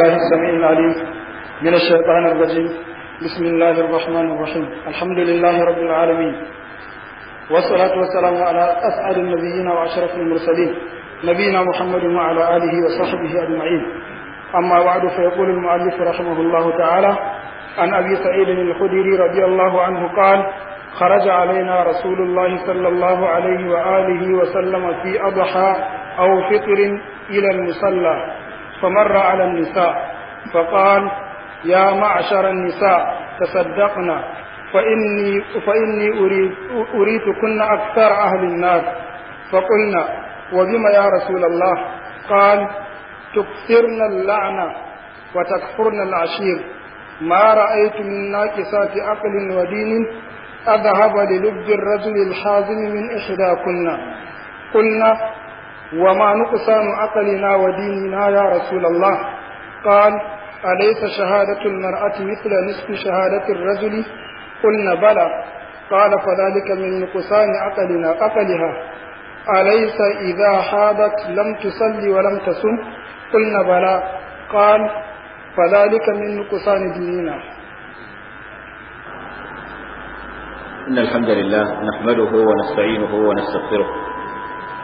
الله السميع العليم من الشيطان الرجيم بسم الله الرحمن الرحيم الحمد لله رب العالمين والصلاة والسلام على أسعد النبيين وأشرف المرسلين نبينا محمد وعلى آله وصحبه أجمعين أما بعد فيقول المؤلف رحمه الله تعالى عن أبي سعيد الخدري رضي الله عنه قال خرج علينا رسول الله صلى الله عليه وآله وسلم في أضحى أو فطر إلى المصلى فمر على النساء فقال يا معشر النساء تصدقنا فإني, فإني أريد أريدكن أكثر أهل النار فقلنا وبما يا رسول الله قال تكثرن اللعنة وتكفرن العشير ما رأيت من ناقصات عقل ودين أذهب للب الرجل الحازم من إحداكن قلنا وما نقصان عقلنا وديننا يا رسول الله قال أليس شهادة المرأة مثل نصف شهادة الرجل قلنا بلى قال فذلك من نقصان عقلنا عقلها أليس إذا حابت لم تصلي ولم تصم قلنا بلى قال فذلك من نقصان ديننا إن الحمد لله نحمده ونستعينه ونستغفره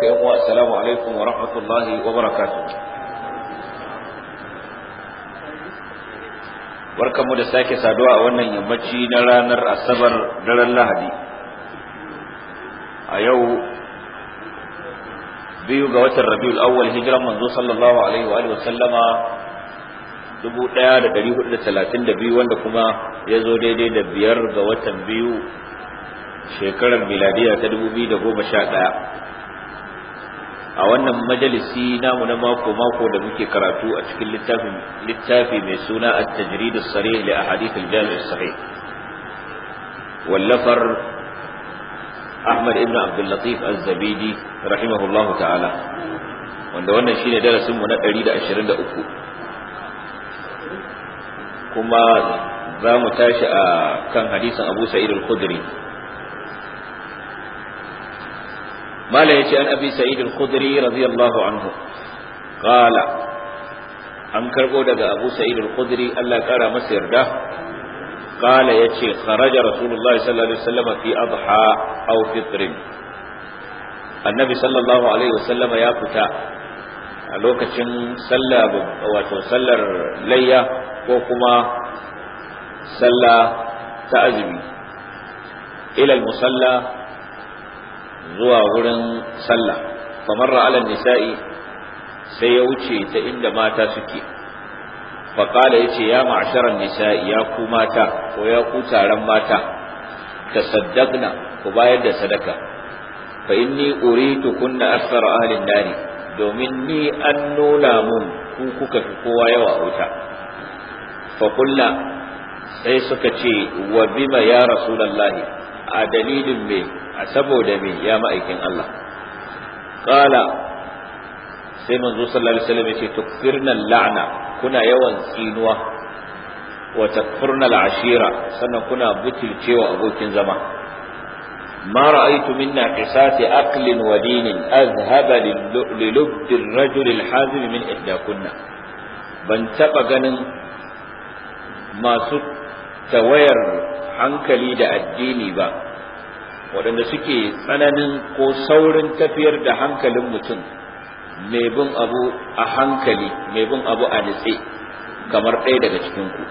haka yan uwa assalamu alaikum wa rahmatullahi wa barakatuh barkamu da sake saduwa a wannan yammaci na ranar asabar daren lahadi a yau biyu ga watan rabiul awwal hijiran manzo sallallahu alaihi wa alihi wa sallama 1432 wanda kuma ya zo daidai da biyar ga watan biyu shekarar miladiya ta 2011 a wannan majalisi namu na mako mako da muke karatu a cikin littafi mai suna a tajrid as-sarih li ahadith wallafar Ahmad ibn Abdul Latif zabidi rahimahullahu ta'ala wanda wannan shine darasin mu na 123 kuma za mu tashi a kan hadisin Abu Sa'id al-Khudri mala yace an abi sa'id al-khudri radiyallahu anhu qala an karbo daga abu sa'id al-khudri Allah kara masa yarda qala yace kharaja rasulullahi sallallahu alaihi wasallam fi adha annabi sallallahu alaihi ya fita a lokacin sallah wato sallar layya ko kuma sallah ta azumi ilal musalla zuwa wurin sallah kamar ra'alan nisa'i sai ya wuce ta inda mata suke faƙala ya ce ya ma'asharar nisa'i ya ku mata ko ya ku taron mata ta saddakna ku bayar da sadaka fa inni uritu kunna asfar ahlin nari domin ni an nuna mun ku kuka fi kowa yawa wuta fa kulla sai suka ce wa bima ya rasulallahi a dalilin mai a saboda me ya ma'aikin Allah qala sai manzo sallallahu alaihi wasallam yace tukfirna la'ana. kuna yawan tsinuwa wa takfurna al'ashira sannan kuna butulcewa abokin zama ma ra'aytu minna qisati aklin wa dinin azhaba lilubdi ar-rajul al-hazim min ban taɓa ganin masu tawayar hankali da addini ba waɗanda suke tsananin ko saurin tafiyar da hankalin mutum mai bin abu a hankali mai bin abu a nitse kamar ɗaya daga cikinku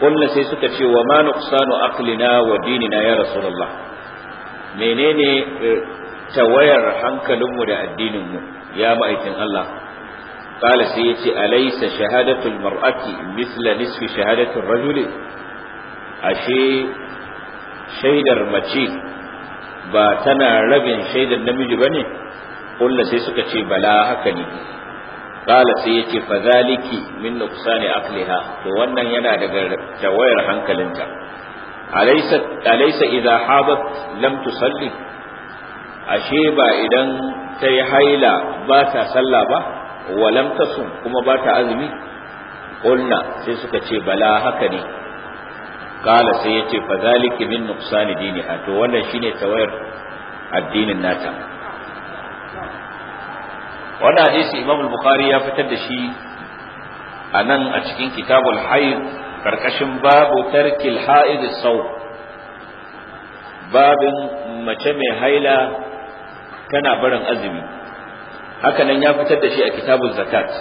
kullum sai suka ce wa ma nuqsanu aqlina wa dinina ya rasulullah menene eh, tawayar hankalinmu da addininmu ya ma'aikin Allah qala sai yace alaysa shahadatul Maraki misla nisfi shahadatul rajuli ashe shaidar mace ba tana rabin shaidar namiji ba ne Kulla sai suka ce bala haka ne ƙala sai ya ce fazaliki min nuqsani akliha? to wannan yana daga tawayar hankalinta alaisa alaysa idza habat lam tusalli ashe ba idan ta yi haila ba ta sallah ba wa lam tasum kuma ba ta azumi Kulla sai suka ce bala haka ne kala sai ya ce fazaliki min nuqsani diniha to wannan shine tawayar addinin nata wannan hadisi imam al-bukhari ya fitar da shi a nan a cikin kitabul haid karkashin babu tarkil haid sau babin mace mai haila tana barin azumi Hakanan ya fitar da shi a kitabul zakat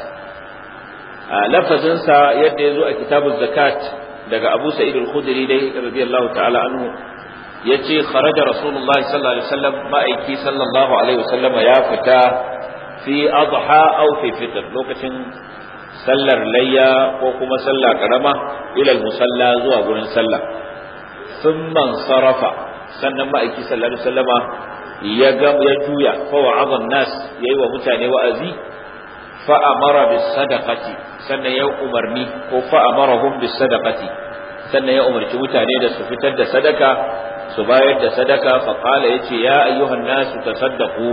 a lafazinsa yadda ya zo a kitabul zakat daga Abu Sa'id al-Khudri dai radiyallahu ta'ala anhu yace kharaja Rasulullah sallallahu alaihi wasallam ma'aiki sallallahu alaihi wasallam ya fita fi adha aw fi fitr lokacin sallar layya ko kuma sallah karama ila musalla zuwa gurin sallah thumma sarafa sannan ma'aiki sallallahu alaihi wasallama ya ga ya juya fa wa'adha nas yayi wa mutane wa'azi fa amara bis sadaqati sannan ya umarni ko fa amarahum bis sadaqati sannan ya umarci mutane da su fitar da sadaka su bayar da sadaka fa ya yace ya ayyuhan ta tasaddaqu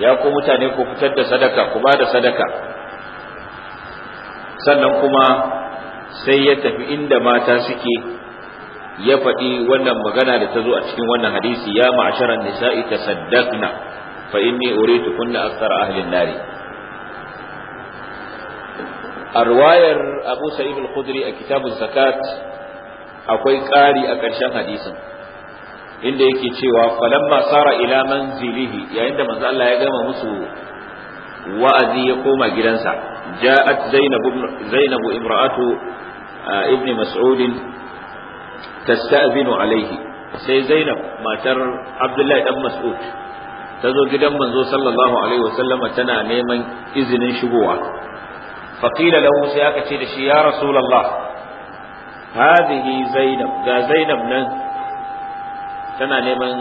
ya ku mutane ku fitar da sadaka ku ba da sadaka sannan kuma sai ya tafi inda mata suke ya faɗi wannan magana da ta zo a cikin wannan hadisi ya ma'asharan nisa'i tasaddaqna fa inni uritu kunna aktsara ahli nari a ruwayar abu sa'id al-khudri a kitabun zakat akwai ƙari a ƙarshen hadisin inda yake cewa falamma sara ila manzilihi yayin da manzo Allah ya gama musu wa'azi ya koma gidansa ja'at zainab zainab imra'atu ibn mas'ud tasta'zinu alayhi sai zainab matar abdullahi dan mas'ud ta zo gidan manzo sallallahu alaihi wasallama tana neman izinin shigowa فقيل له sai aka ce da shi ya زينب ذا zainab ga zainab nan tana neman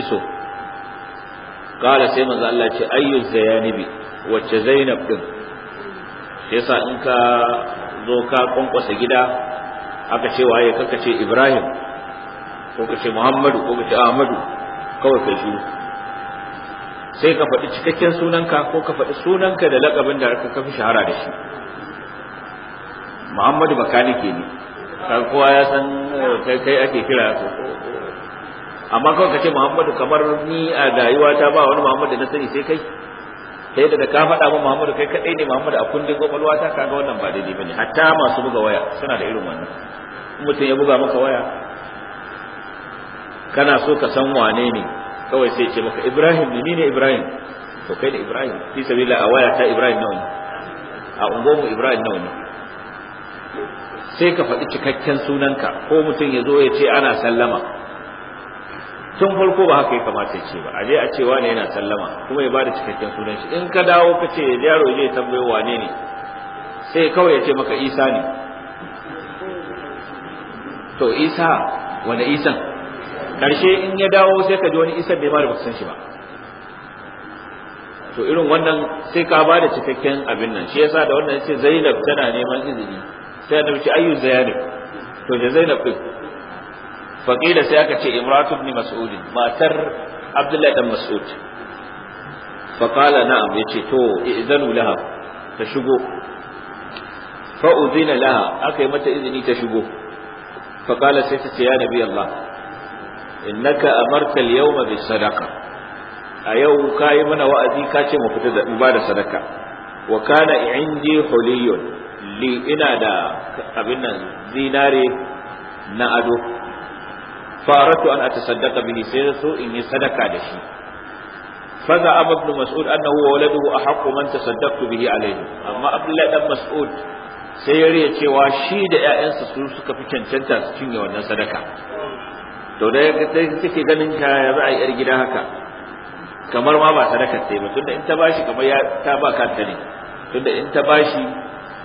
iso ذا sai manzo الزيانب ce زينب zayanibi wacce zainab ذوكا قنق in ka zo ka kwankwasa gida aka ce waye محمد ce ibrahim ko ka muhammadu sai ka faɗi cikakken sunanka ko ka faɗi sunanka da laƙabin da ka fi shahara da shi muhammadu ke ne kowa ya san eh, kai kai ake kira amma kawai ce muhammadu kamar ni a dayuwa ta ba wani muhammadu na sani sai kai sai da ka faɗa min muhammadu kai kadai ne muhammadu a kundin kwakwalwa ta kaga wannan ba daidai bane hatta masu buga waya suna da irin wannan mutum ya buga maka waya kana so ka san wane ne kawai sai ce maka ibrahim ne ni ne ibrahim to kai da ibrahim fi sabila a waya ta ibrahim nawa ne a mu ibrahim nawa ne sai ka faɗi cikakken sunanka ko mutum ya zo ya ce ana sallama tun farko ba haka ya kamata ya ce ba a je a ce wane yana sallama kuma ya bada cikakken sunan shi in ka dawo ka ce yaro ya tambayo wane ne sai kawai ya ce maka isa ne to isa wani isan ƙarshe in ya dawo sai ka ji wani isan bai ma da baka san shi ba to irin wannan sai ka ba da cikakken abin nan shi yasa da wannan sai Zainab tana neman izini sai annabi ce ayyu zayanib to da zainab din faqila sai aka ce imratu ibn mas'ud matar abdullahi dan mas'ud faqala na'am yace to izanu laha ta shigo fa uzina laha aka yi mata izini ta shigo faqala sai ta ce ya nabi allah innaka amarta al-yawma bis sadaqa a yau kai mana wa'azi ka ce mu fita da mu ba da sadaka wa kana indi huliyun li ina da abin nan zinare na ado faratu an atasaddaqa bihi sai in yi sadaka da shi faza abu mas'ud annahu wa waladuhu ahaqqu man tasaddaqtu bihi alayhi amma abdullah dan mas'ud sai ya riya cewa shi da ƴaƴansa su suka fi cancanta su cinye wannan sadaka to da sai take ganin ka ya za a yar gida haka kamar ma ba sadaka sai ba tunda in ta bashi kamar ya ta ba kanta ne tunda in ta bashi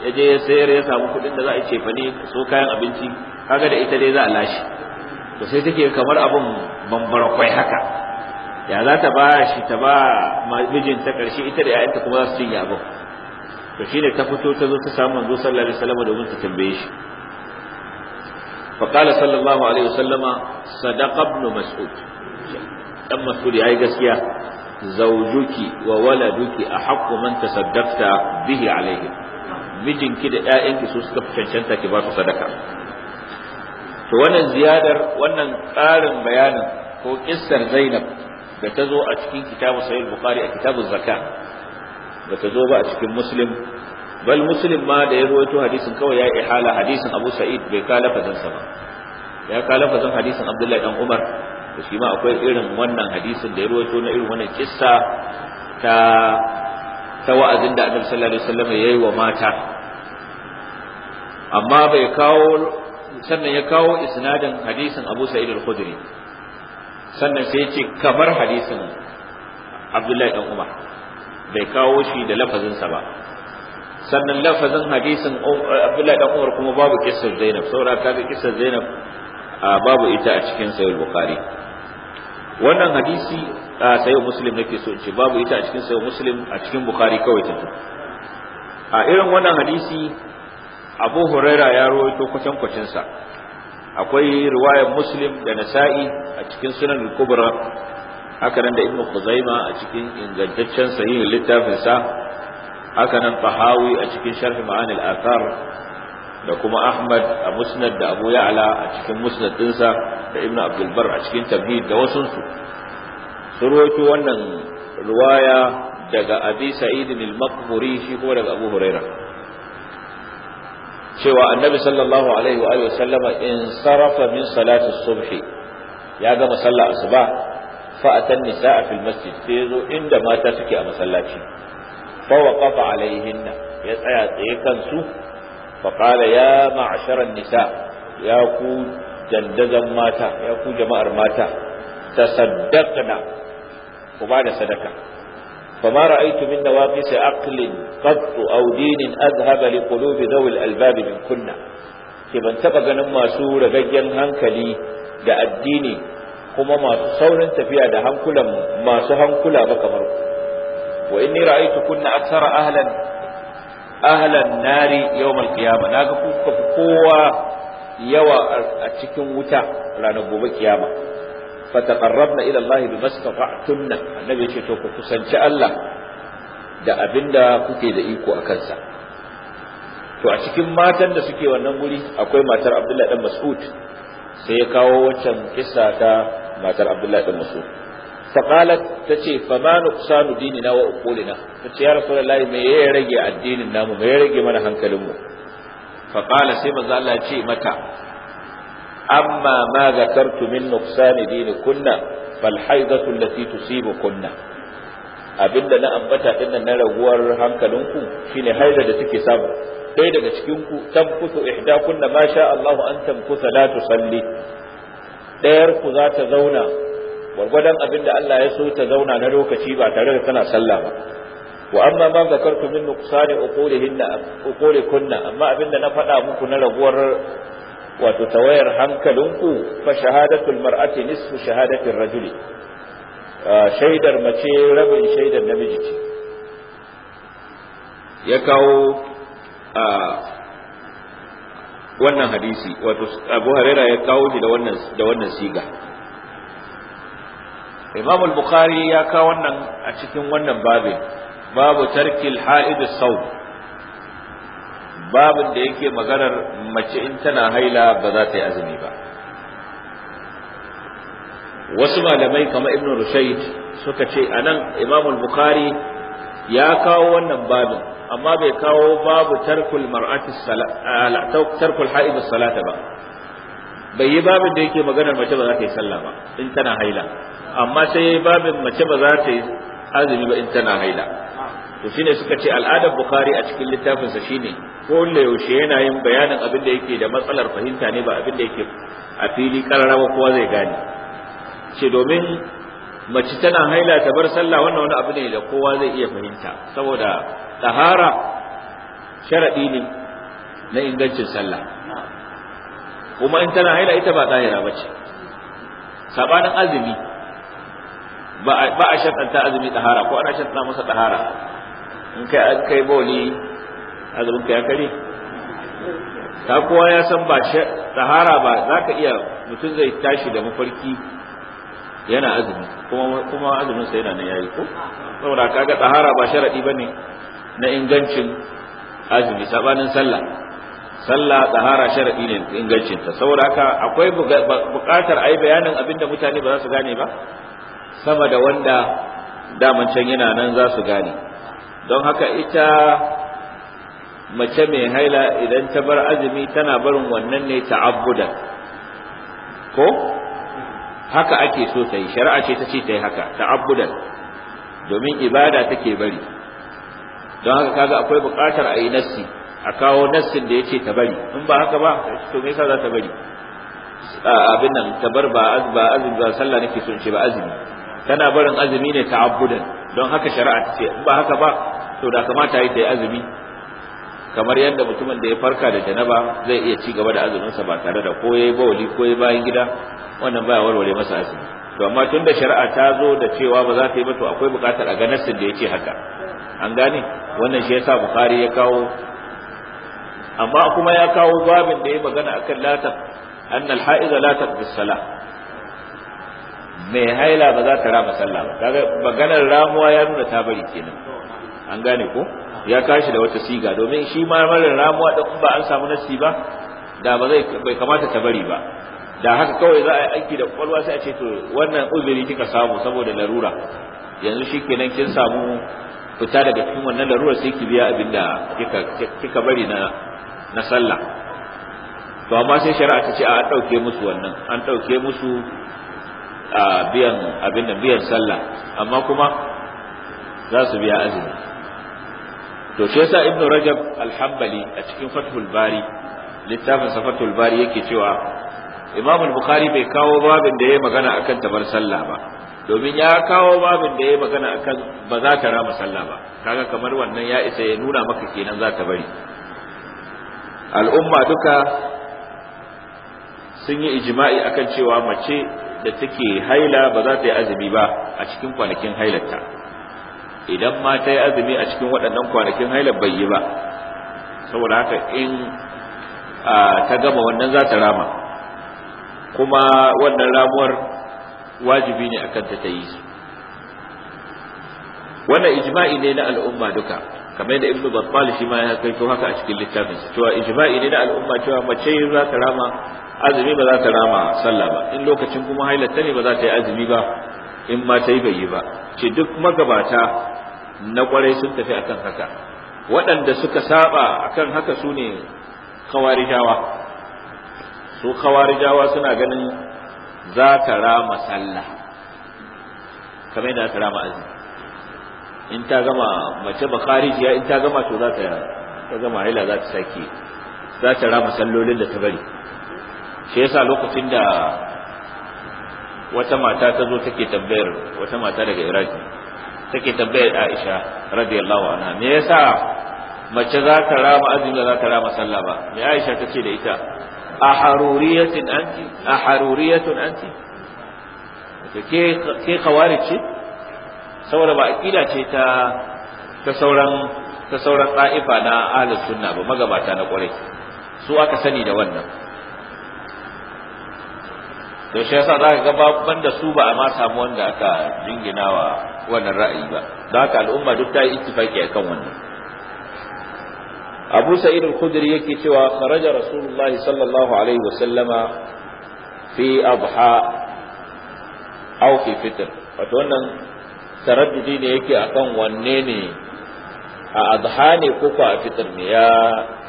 ya je ya sayar ya samu kuɗin da za a ce ne so kayan abinci kaga da ita dai za a lashe to sai take kamar abin bambarakwai haka ya za ta bashi ta ba mijin ta ƙarshe ita da ‘ya'yanta kuma za su cinye abin to shine ta fito ta zo ta samu manzo sallallahu alaihi wasallam domin ta tambaye shi فقال صلى الله عليه وسلم صدق ابن مسعود dan mas'ud yayi gaskiya zaujuki wa waladuki haƙƙo man tasaddaqta bihi alayhi mijinki da 'ya'yanki su suka cancanta ki ba su sadaka to wannan ziyadar wannan ƙarin bayanin ko kissar Zainab da ta zo a cikin kitabu sahih bukhari a kitabu Zaka, ba ta zo ba a cikin muslim bal muslim ma da ya rawaito hadisin kawai ya ihala hadisin abu sa'id bai kala zansa ba ya kala fazan hadisin abdullahi dan umar to shi ma akwai irin wannan hadisin da ya rawaito na irin wannan kissa ta ta wa'azin da Annabi sallallahu alaihi wasallam yi wa mata amma bai kawo sannan ya kawo isnadin hadisin Abu Sa'id al-Khudri sannan sai ya ce kamar hadisin Abdullahi dan Umar bai kawo shi da sa ba sannan lafazin hadisin Abdullahi dan Umar kuma babu kissar Zainab saboda kaga kissar Zainab babu ita a cikin Sahih Bukhari wannan hadisi a sayo muslim nake so ce babu ita a cikin sayo muslim a cikin bukari kawai ta a irin wannan hadisi abu huraira ya rawaito kwacen kwacin sa akwai riwayar muslim da nasa'i a cikin sunan kubra haka nan da ibnu khuzaima a cikin ingantaccen sahihin littafinsa, sa haka nan tahawi a cikin sharh ma'anil athar da kuma Ahmad a Musnad da Abu Ya'la a cikin Musnad dinsa da Ibn Abdul a cikin Tabid da wasu su wannan riwaya daga Abi Sa'id al-Maqburi shi kuma daga Abu Huraira cewa Annabi sallallahu alaihi wa alihi sallama in sarafa min salati subh ya gama sallar asuba fa atan nisaa fil masjid sai zo inda mata suke a masallaci fa waqafa alaihinna ya tsaya tsaye kansu faƙala ya ma'asharar nisa ya ku dandazon mata ya ku jama'ar mata ta saddaqna ku ba da sadaka فما رأيت من نواقص عقل قط Audinin, دين أذهب لقلوب ذوي الألباب ke ban taɓa ganin masu ragaggen hankali da addini kuma masu saurin tafiya da hankulan masu hankula ba kamar ku wa inni ra'aytu kunna aksara ahlan ahlan nari yawmal qiyamah naga ku kuka kowa yawa a cikin wuta ranar gobe kiyama taqarrabna ila Allah bi istata'tunna annabi yace to ku kusanci Allah da abinda kuke da iko a kansa to a cikin matan da suke wannan guri akwai matar Abdullahi dan Mas'ud sai ya kawo wancan kissa ta matar Abdullahi dan Mas'ud faqalat tace fa ma dini dinina wa uqulina tace ya rasulullahi me ya rage addinin namu me ya rage mana hankalin mu faqala sai manzo Allah ce mata amma ma zakartu min nuqsani dinikunna fal haidatu allati tusibukunna abinda na ambata dinnan na raguwar hankalinku shine haida da take samu ɗaya daga cikin ku tamkutu ihdakunna ma Allahu an tamkuta la tusalli ɗayar ku za ta zauna gwargwadon abin da Allah ya so ta zauna na lokaci ba tare da tana sallah ba wa amma ma zakartu min nuqsani uqulihinna uqulikunna amma abin da na faɗa muku na raguwar wato tawayar hankalinku fa shahadatul mar'ati nisfu shahadatir rajuli shaidar mace rabin shaidar namiji ce ya kawo wannan hadisi wato Abu Hurairah ya kawo shi da wannan da wannan siga imam al-bukhari ya kawo wannan a cikin wannan babin babu tarkil ha'id sau babin da yake maganar mace in tana haila ba za ta yi azumi ba wasu malamai kamar ibn rushayd suka ce anan imam al-bukhari ya kawo wannan babin amma bai kawo babu tarkul mar'ati tarkul ha'id salata ba bai yi babin da yake maganar mace ba za ta yi sallah ba in tana haila amma sai yi babin mace ba za ta yi azumi ba in tana haila to shine suka ce al'adar bukhari a cikin littafin sa shine ko da yaushe yana yin bayanin abin da yake da matsalar fahimta ne ba abin da yake a fili kararrawa kowa zai gane ce domin mace tana haila ta bar sallah wannan wani abu ne da kowa zai iya fahimta saboda tahara sharadi ne na ingancin sallah kuma in tana haila ita ba ɗahira ba ce sabanin azumi ba a shakanta azumi ɗahara ko ana shakanta masa ɗahara in kai an kai boli azumin ka ya kare ta kowa ya san ba ɗahara ba za ka iya mutum zai tashi da mafarki yana azumi kuma azumin sa yana nan yayi ko saboda kaga ɗahara ba sharaɗi ba ne na ingancin azumi sabanin sallah sallah tsahara sharadi ne ingancin ta saboda haka akwai buƙatar ai bayanin abinda mutane ba za su gane ba sama da wanda daman can yana nan za su gane don haka ita mace mai haila idan ta bar azumi tana barin wannan ne ta'abbudan ko haka ake so ta shari'a ce ta ce ta yi haka ta'abbudan domin ibada take bari don haka kaga akwai buƙatar a yi nassi a kawo nassin da ya ce ta bari in ba haka ba to me yasa za ta bari abin nan ta bar ba azba azumi ba sallah nake so in ce ba azumi tana barin azumi ne ta'abbudan don haka shari'a ta ce in ba haka ba to da kamata yi ta yi azumi kamar yadda mutumin da ya farka da janaba zai iya ci gaba da azuminsa ba tare da ko yi bawli ko yayi bayan gida wannan baya warware masa azumi to amma tun da shari'a ta zo da cewa ba za ta yi ba to akwai buƙatar a ga nassin da ce haka an gane wannan shi yasa bukhari ya kawo amma kuma ya kawo babin da ya magana a kan latar annal ha'iza latar da sala mai haila ba za ta rama sallah ba kaga maganar ramuwa ya nuna ta bari kenan an gane ko ya kashi da wata siga domin shi ma marar ramuwa da ba an samu nasi ba da ba zai bai kamata ta bari ba da haka kawai za a yi aiki da kwalwa sai a ce to wannan uzuri kika samu saboda larura yanzu shi nan kin samu fita daga cikin wannan larura sai ki biya abinda da kika bari na na sallah to amma sai shari'a ta ce a ɗauke musu wannan an ɗauke musu a biyan abin da biyan sallah amma kuma za su biya azumi to shi yasa ibnu rajab al a cikin fathul bari littafin sa fathul bari yake cewa imam al-bukhari bai kawo babin da yayi magana akan tabar sallah ba domin ya kawo babin da yayi magana akan ba za ta rama sallah ba kaga kamar wannan ya isa ya nuna maka kenan za ta bari al'umma duka sun yi ijima'i akan cewa mace da take haila ba za ta yi azumi ba a cikin kwanakin hailarta idan ma ta yi azumi a cikin waɗannan kwanakin hailar bai yi ba saboda haka in ta gama wannan za ta rama kuma wannan ramuwar wajibi ne akan ta ta yi wannan ijma'i ne na al'umma duka kamar da ibnu battal shi ma ya kaito haka a cikin littafin sa cewa ijma'i ne da al'umma cewa mace za ta rama azumi ba za ta rama sallah ba in lokacin kuma hailata ne ba za ta yi azumi ba in ma ta yi bai yi ba ce duk magabata na kwarai sun tafi akan haka waɗanda suka saba akan haka su ne kawarijawa su kawarijawa suna ganin za ta rama sallah kamar yadda za ta rama azumi in ta gama mace ba bakarijiya in ta gama to za ta ta gama haila za ta saki za ta rama sallolin da ta bari shi yasa lokacin da wata mata ta zo take tambayar wata mata daga iraki take tambayar aisha radiyallahu anha me yasa mace za ta rama azumi za ta rama sallah ba me aisha ta ce da ita a haruriyatin anti a haruriyatun anti ke ke kawarici ce saboda ba aqida ce ta ta sauran ta sauran na ahlus sunna ba magabata na kwarai su aka sani da wannan to shi yasa zaka ga babban da su ba a ma samu wanda aka jinginawa wannan ra'ayi ba da haka al'umma duk ta yi ittifaki akan wannan Abu Sa'id al-Khudri yake cewa kharaja Rasulullah sallallahu alaihi wa sallama fi adha aw fi fitr wato wannan taraddudi ne yake akan wanne ne a adha ne ko ko a fitr ne ya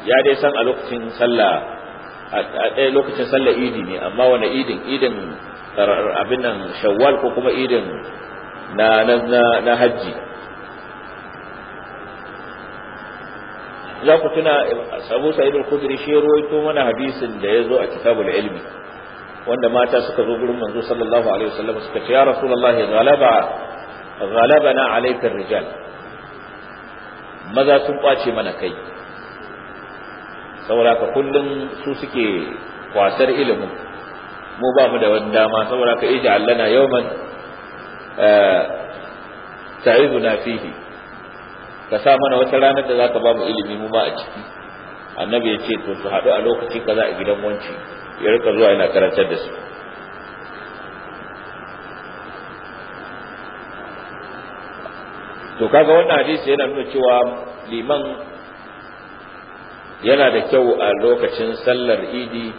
ya dai san a lokacin sallah a ɗaya lokacin sallah idi ne amma wani idin idin abin nan shawwal ko kuma idin na na na hajji za ku tuna Abu Sa'id al-Khudri shi ruwaito mana hadisin da yazo a kitabul ilmi wanda mata suka zo gurin manzo sallallahu alaihi wasallam suka ce ya rasulullahi ghalaba ghalabana alaikar rijal maza sun kwace mana kai saboda ka kullum su suke kwasar ilimin mu ba mu da wani dama saboda ka ija allana yawman ta'izuna fihi ka sa mana wata ranar da zaka ba mu ilimi mu ba a ciki annabi ya ce to su haɗu a lokaci kaza a gidan wanci ya rika zuwa yana karantar da su to kaga wannan hadisi yana nuna cewa liman yana da kyau a lokacin sallar idi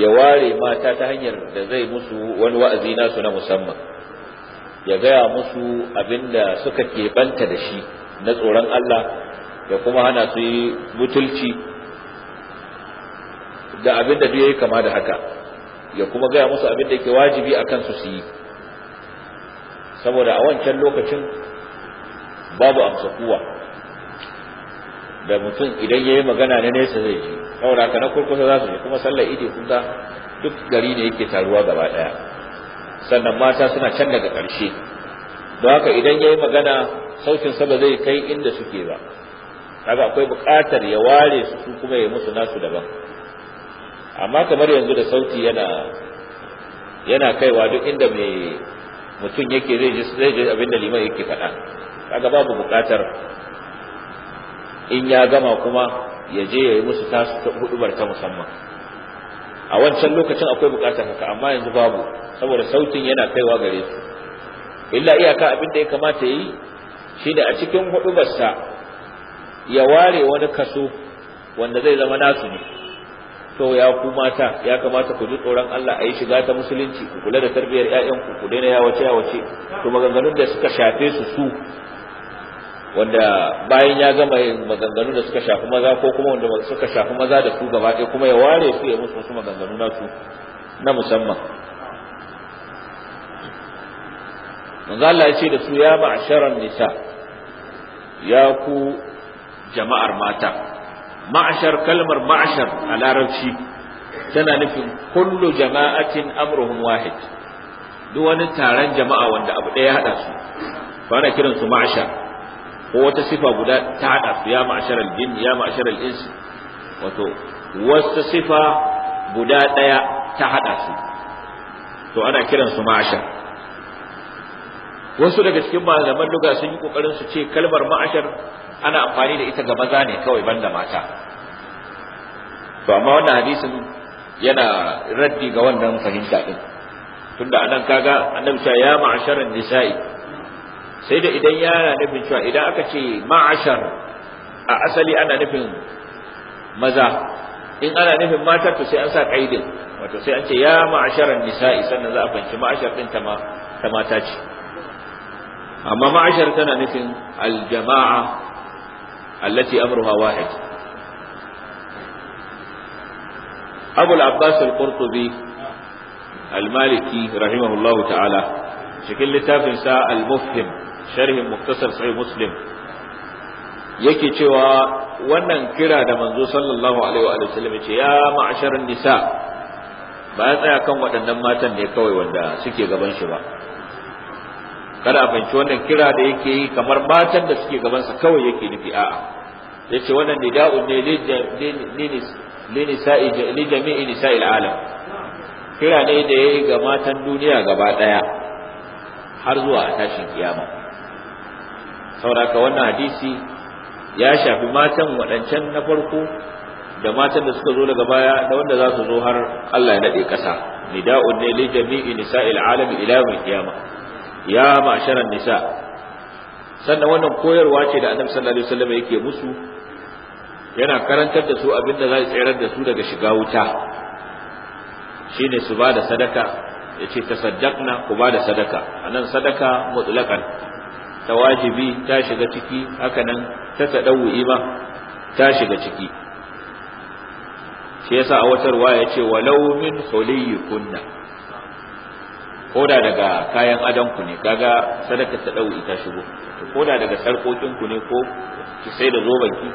ya ware mata ta hanyar da zai musu wani wa'azi nasu na musamman ya gaya musu abin da suka keɓanta da shi na tsoron Allah da kuma hana su yi butulci da abin da duk ya yi kama da haka ya kuma gaya musu abin da yake wajibi a kansu su yi saboda a wancan lokacin babu amsakuwa da mutum idan ya yi magana na nesa zai ji saboda haka na kurkusa za su ji kuma sallar idi kusa duk gari ne yake taruwa gaba ɗaya sannan mata suna can daga ƙarshe don haka idan ya yi magana saukin sa ba zai kai inda suke ba kaga akwai buƙatar ya ware su su kuma ya musu nasu daban amma kamar yanzu da sauti yana yana kaiwa duk inda mai mutum yake zai je abin da liman yake faɗa kaga babu buƙatar in ya gama kuma ya je ya yi musu tasu ta hudubar ta musamman a wancan lokacin akwai buƙatar haka amma yanzu babu saboda sautin yana kaiwa gare su illa iyaka abin da ya kamata yi shi da a cikin hudubarsa ya ware wani kaso wanda zai zama nasu ne to ya ku mata ya kamata ku ji tsoron Allah a yi shiga ta musulunci ku kula da tarbiyyar 'ya'yanku, ku daina yawace yawace to maganganun da suka shafe su su wanda bayan ya gama yin maganganun da suka shafi maza ko kuma wanda suka shafi maza da su gaba ɗaya kuma ya ware su ya musu wasu maganganu na su na musamman manzo Allah ya ce da su ya ma'sharan nisa ya ku jama'ar mata ma'ashar kalmar ma'ashar a larabci tana nufin kullu jama'atin amruhum wahid duk wani taron jama'a wanda abu ɗaya haɗa su ba na kiran su ma'ashar ko wata sifa guda ta haɗa su ya ma'ashar al-jinn ya ma'ashar al-ins wato wata sifa guda ɗaya ta haɗa su to ana kiran su ma'ashar wasu daga cikin malaman luga sun yi kokarin su ce kalmar ma'ashar ana amfani da ita ga maza ne kawai banda mata to amma wannan hadisin yana raddi ga wannan fahimta din tunda anan kaga annabi cewa ya ma'asharan nisa'i sai da idan yana nufin cewa idan aka ce ma'ashar a asali ana nufin maza in ana nufin mata to sai an sa kaidin wato sai an ce ya ma'asharan nisa'i sannan za a fahimci ma'ashar din ta mata ce amma ma'ashar tana nufin aljama'a allati amruha wahid abul abbas al-qurtubi al-maliki rahimahullah ta'ala cikin littafin sa al-mufhim sharhin muktasar sahih muslim yake cewa wannan kira da manzo sallallahu alaihi wa sallam ce ya ma'asharin nisa ba ya tsaya kan waɗannan matan ne kawai wanda suke gaban shi ba kada a fahimci wannan kira da yake yi kamar matan da suke gabansa kawai yake nufi a'a yace wannan nida'u ne li jami'i nisa'il alam kira ne da yayi ga matan duniya gaba daya har zuwa a tashin kiyama sauraka wannan hadisi ya shafi matan waɗancan na farko da matan da suka zo daga baya da wanda za su zo har Allah ya naɗe ƙasa nida'un ne li jami'i nisa'il alam ila yawm al ya ma'sharan nisa sannan wannan koyarwa ce da annabi sallallahu alaihi wasallam yake musu yana karantar da su abinda zai tsayar da su daga shiga wuta shine su ba da sadaka yace tasaddaqna ku ba da sadaka anan sadaka mutlaqan ta wajibi ta shiga ciki hakanan ta tadawwi ma ta shiga ciki shi yasa a watarwa yace walau min huliykunna koda daga kayan adanku ne kaga sadaka ta dau ita shigo to koda daga ku ne ko ki sai da zobanki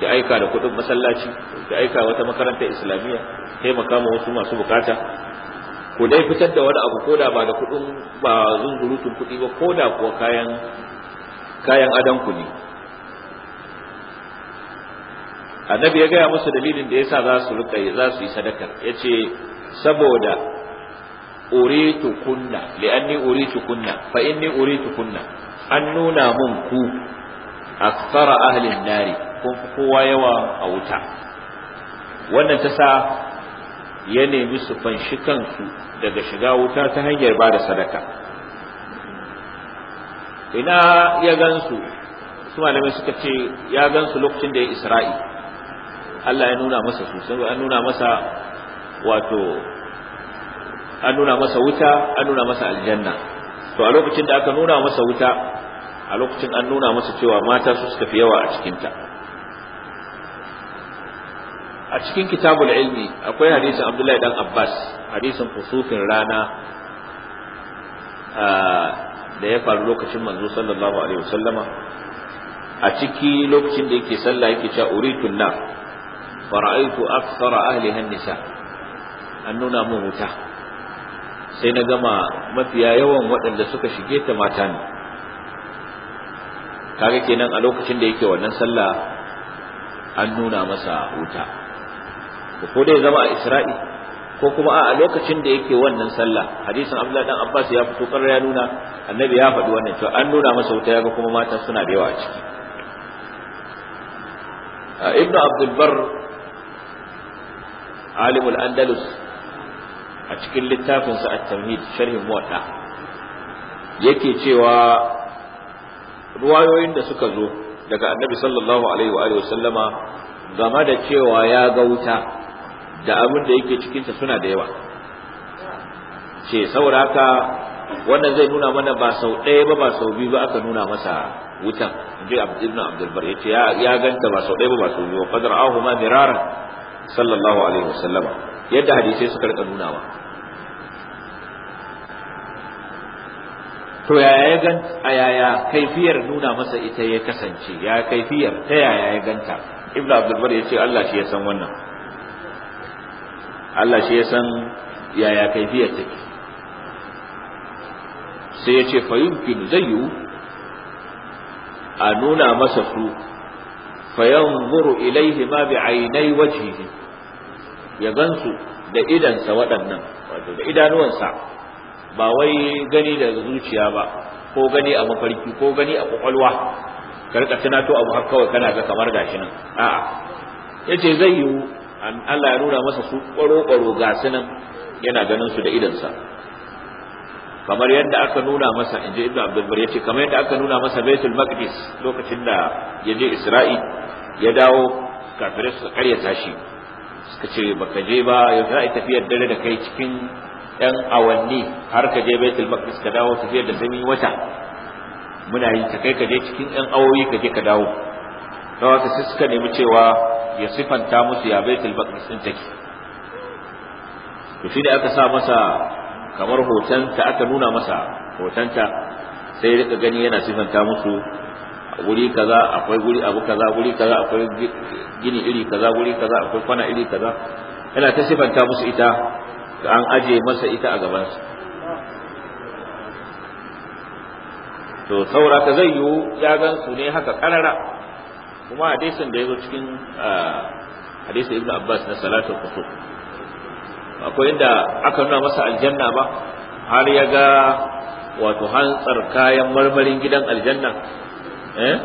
ki aika da kudin masallaci ki aika wata makarantar islamiyya kai makama wasu masu bukata ku dai fitar da wani abu koda ba da kudin ba zungurutun kudi ba koda kuwa kayan kayan adanku ne annabi ya gaya musu dalilin da yasa za su rika za su yi sadakar yace saboda uritu kunna anni uritu kunna fa inni uritu kunna an nuna mun ku aksara ahlin nari kun fi kowa yawa a wuta wannan ta sa ya nemi su fanshi kansu daga shiga wuta ta hanyar ba da sadaka ina ya gansu su malamai suka ce ya gansu lokacin da ya isra'i Allah ya nuna masa su an nuna masa wato an nuna masa wuta an nuna masa aljanna to a lokacin da aka nuna masa wuta a lokacin an nuna masa cewa mata su suka fi yawa a cikinta a cikin kitabul ilmi akwai hadisin abdullahi dan abbas hadisin kusufin rana ah, da ya faru lokacin manzo sallallahu alaihi wasallama a ciki lokacin da yake sallah yake cewa uritun na fara'aitu akthara ahliha nisa an nuna mun wuta sai na gama mafiya yawan waɗanda suka shige ta mata ne kaga kenan a lokacin da yake wannan sallah an nuna masa wuta ko dai zama a isra'i ko kuma a lokacin da yake wannan sallah hadisin abdullahi dan abbas ya fito karar ya nuna annabi ya faɗi wannan cewa an nuna masa wuta ya ga kuma mata suna da yawa a ciki ibnu abdul bar alimul andalus a cikin littafinsa at-tamhid sharhin muwatta yake cewa ruwayoyin da suka zo daga annabi sallallahu alaihi wa alihi wasallama game da cewa ya ga wuta da abin da yake cikinta suna da yawa ce sauraka wannan zai nuna mana ba sau ɗaya ba ba sau biyu ba aka nuna masa wutan inji ibn abdul ya ce ya ganta ba sau ɗaya ba ba sau biyu ba fadar ahu ma miraran sallallahu alaihi wasallama yadda hadisai suka rika nunawa to yaya ya gan a yaya kaifiyar nuna masa ita ya kasance ya kaifiyar ta yaya ya ganta ibnu abdul ya ce Allah shi ya san wannan Allah shi ya san yaya kaifiyar take sai ya ce yumkin zai yiwu a nuna masa su yanzuru ilaihi ma bi ainai wajhihi ya gansu da idansa waɗannan wato da idanuwansa ba wai gani da zuciya ba ko gani a mafarki ko gani a kwakwalwa ka rika tunato abu har kawai kana ga kamar gashi nan a'a yace zai yiwu Allah ya nuna masa su kwaro kwaro gasu nan yana ganin su da idansa kamar yadda aka nuna masa inji ibnu abdul bar yace kamar yadda aka nuna masa baitul maqdis lokacin da ya je isra'i ya dawo kafirai su tashi shi suka ce ba ka je ba ya za a tafiyar dare da kai cikin yan awanni har ka je baitul maqdis ka dawo tafiyar da sami wata muna yi ta kai ka je cikin yan awoyi ka je ka dawo don haka sai suka nemi cewa ya sifanta musu ya baitul maqdis din take to shi da aka sa masa kamar hotonta aka nuna masa hotonta, sai rika gani yana sifanta musu guri kaza akwai guri abu kaza guri kaza akwai gini iri kaza guri kaza akwai kwana iri kaza yana ta sifanta musu ita an aje masa ita a gaban su. to saura ta zai yiwu ya gan su ne haka karara kuma hadisin da ya cikin hadisi ibnu abbas na salatu kutu akwai inda aka nuna masa aljanna ba har ya ga wato hantsar kayan marmarin gidan aljanna Eh?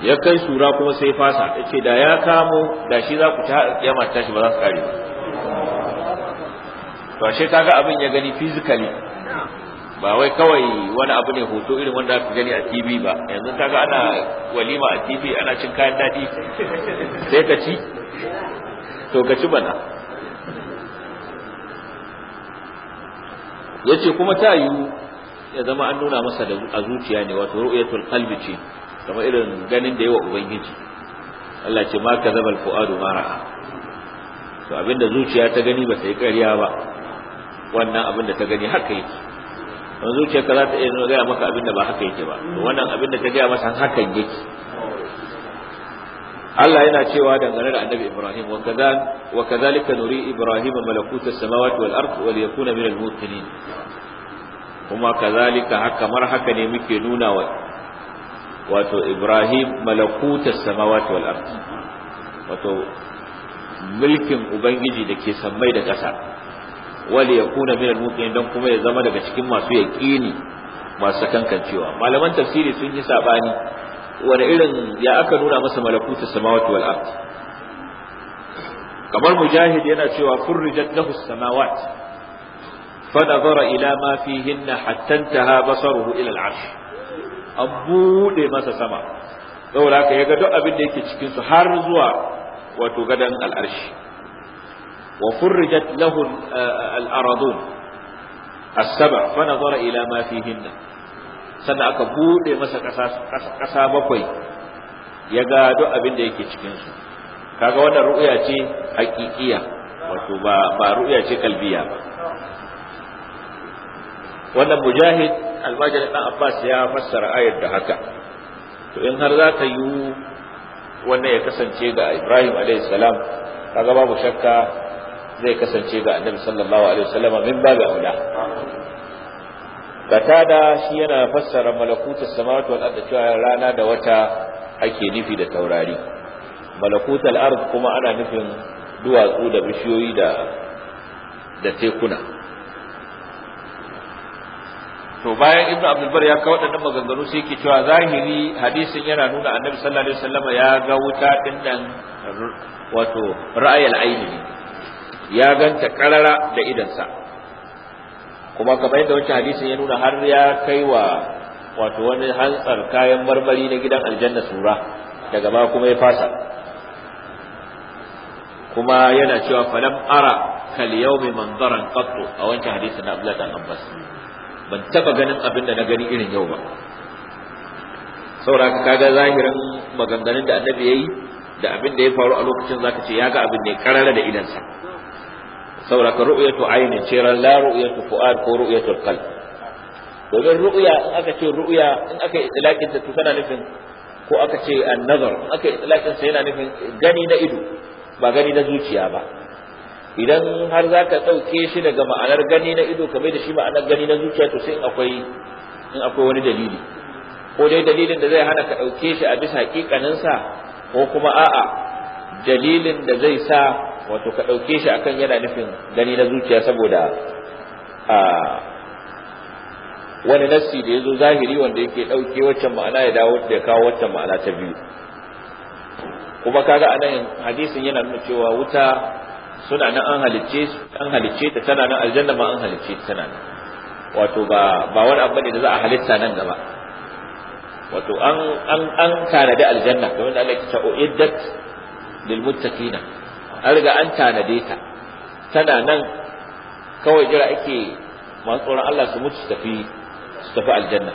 ya kai sura kuma sai fasa ya ce da ya kamo da shi za ku kiyama ta shi ba za su kare to ashe kaga abin ya gani physically ba wai kawai wani abu ne hoto irin wanda aka gani a TV ba yanzu kaga ana walima a TV ana cin kayan daɗi sai ka ci to ka ci bana yace kuma ta yiwu ya zama an nuna masa da a zuciya ne wato ru'yatul qalbi ce kamar irin ganin da yawa ubangiji Allah ce ma kazabal fuadu ma ra'a to abinda zuciya ta gani ba ta yi ƙarya ba wannan abinda ta gani haka yake don zuciya ka za ta iya gaya maka abinda ba haka yake ba to wannan abinda ta gaya masa hakan yake Allah yana cewa dangane da Annabi Ibrahim wa kadhalika nuri Ibrahim malakutas samawati wal ardi wa liyakuna al muqinin kuma kazalika haka kamar haka ne muke nuna wa wato Ibrahim malakutas samawati wal ardi wato mulkin ubangiji da ke sammai da ƙasa wali yakuna min al-muqinin dan kuma ya zama daga cikin masu yaqini masu kankancewa malaman tafsiri sun yi sabani wani irin ya aka nuna masa malakutas samawati wal ardi kamar mujahid yana cewa furrijat lahu samawati فنظر إلى ما فيهن حتى انتهى بصره إلى العرش أبود ما سسمع saboda haka ya ga duk abin da yake cikin su har zuwa wato gadan al'arshi wa furrijat lahu al'aradun ila ma sannan aka buɗe masa ƙasa bakwai ya ga duk abin da yake cikinsu. kaga wannan ru'ya ce haƙiƙiya wato ba ba ce kalbiya ba wannan mujahid albajir dan abbas ya fassara ayat da haka to in har za ka yi wannan ya kasance ga ibrahim alaihi salam kaga babu shakka zai kasance ga annabi sallallahu alaihi wasallam min babu aula katada shi yana fassara malakuta samawati wal ardi cewa rana da wata ake nufi da taurari malakutal ard kuma ana nufin duwatsu da bishiyoyi da da tekuna to bayan ibnu abdul bar ya kawo waɗannan maganganu sai ke cewa zahiri hadisin yana nuna annabi sallallahu alaihi wasallam ya ga wuta din nan wato ra'ayal aini ya ganta karara da idansa kuma kamar yadda wancan hadisin ya nuna har ya kai wa wato wani hantsar kayan marmari na gidan aljanna sura daga ba kuma ya fasa kuma yana cewa falam ara kal yawmi manzaran qattu a wancan hadisin na abdullahi dan Abbas ban taba ganin abin da na gani irin yau ba saboda kaga zahirin maganganun da annabi yayi da abin da ya faru a lokacin zaka ce ya ga abin ne karara da sa. saboda ka ru'yatu ayni ce ran la ru'yatu fu'ad ko ru'yatul qalb domin ru'ya in aka ce ru'ya in aka yi itlaqin ta to tana nufin ko aka ce an-nazar aka yi itlaqin sa yana nufin gani na ido ba gani na zuciya ba idan har za ka ɗauke shi daga ma'anar gani na ido kamar da shi ma'anar gani na zuciya to sai in akwai wani dalili ko dai dalilin da zai hana ka ɗauke shi a bisa haƙiƙaninsa ko kuma a'a dalilin da zai sa wato ka ɗauke shi akan yana nufin gani na zuciya saboda a wani nassi da ya zo zahiri wanda yake ɗauke waccan ma'ana ya dawo da kawo waccan ma'ana ta biyu kuma kaga anan hadisin yana nuna cewa wuta suna nan an halicce an halicce ta tana nan aljanna ma an halicce ta tana nan wato ba ba wani abu ne da za a halitta nan gaba wato an an an tanadi aljanna kamar da Allah ya ce uiddat lil muttaqina an riga an tanade ta tana nan kawai jira ake masu tsoron Allah su mutu su tafi su tafi aljanna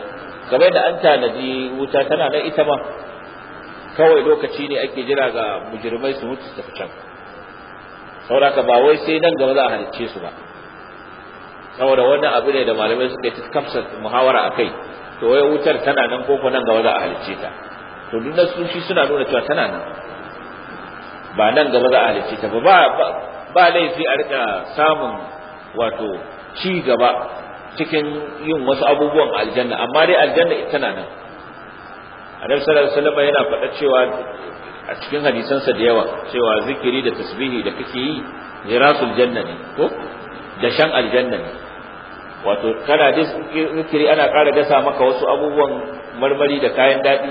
kamar da an tanadi wuta tana nan ita ma kawai lokaci ne ake jira ga mujirmai su mutu su tafi can saboda ba wai sai nan gaba za a halicce su ba saboda wannan abu ne da malamai suka yi muhawara a kai to wai wutar tana nan ko nan gaba za a halicce ta to duk shi suna nuna cewa tana nan ba nan gaba za a halicce ta ba ba laifi a rika samun wato ci gaba cikin yin wasu abubuwan aljanna amma dai aljanna tana nan annabi sallallahu alaihi wasallam yana faɗa cewa a cikin hadisansa da yawa cewa zikiri da tasbihi da kake yi jirasul janna ne ko da shan aljanna ne wato kana da zikiri ana ƙara gasa maka wasu abubuwan marmari da kayan daɗi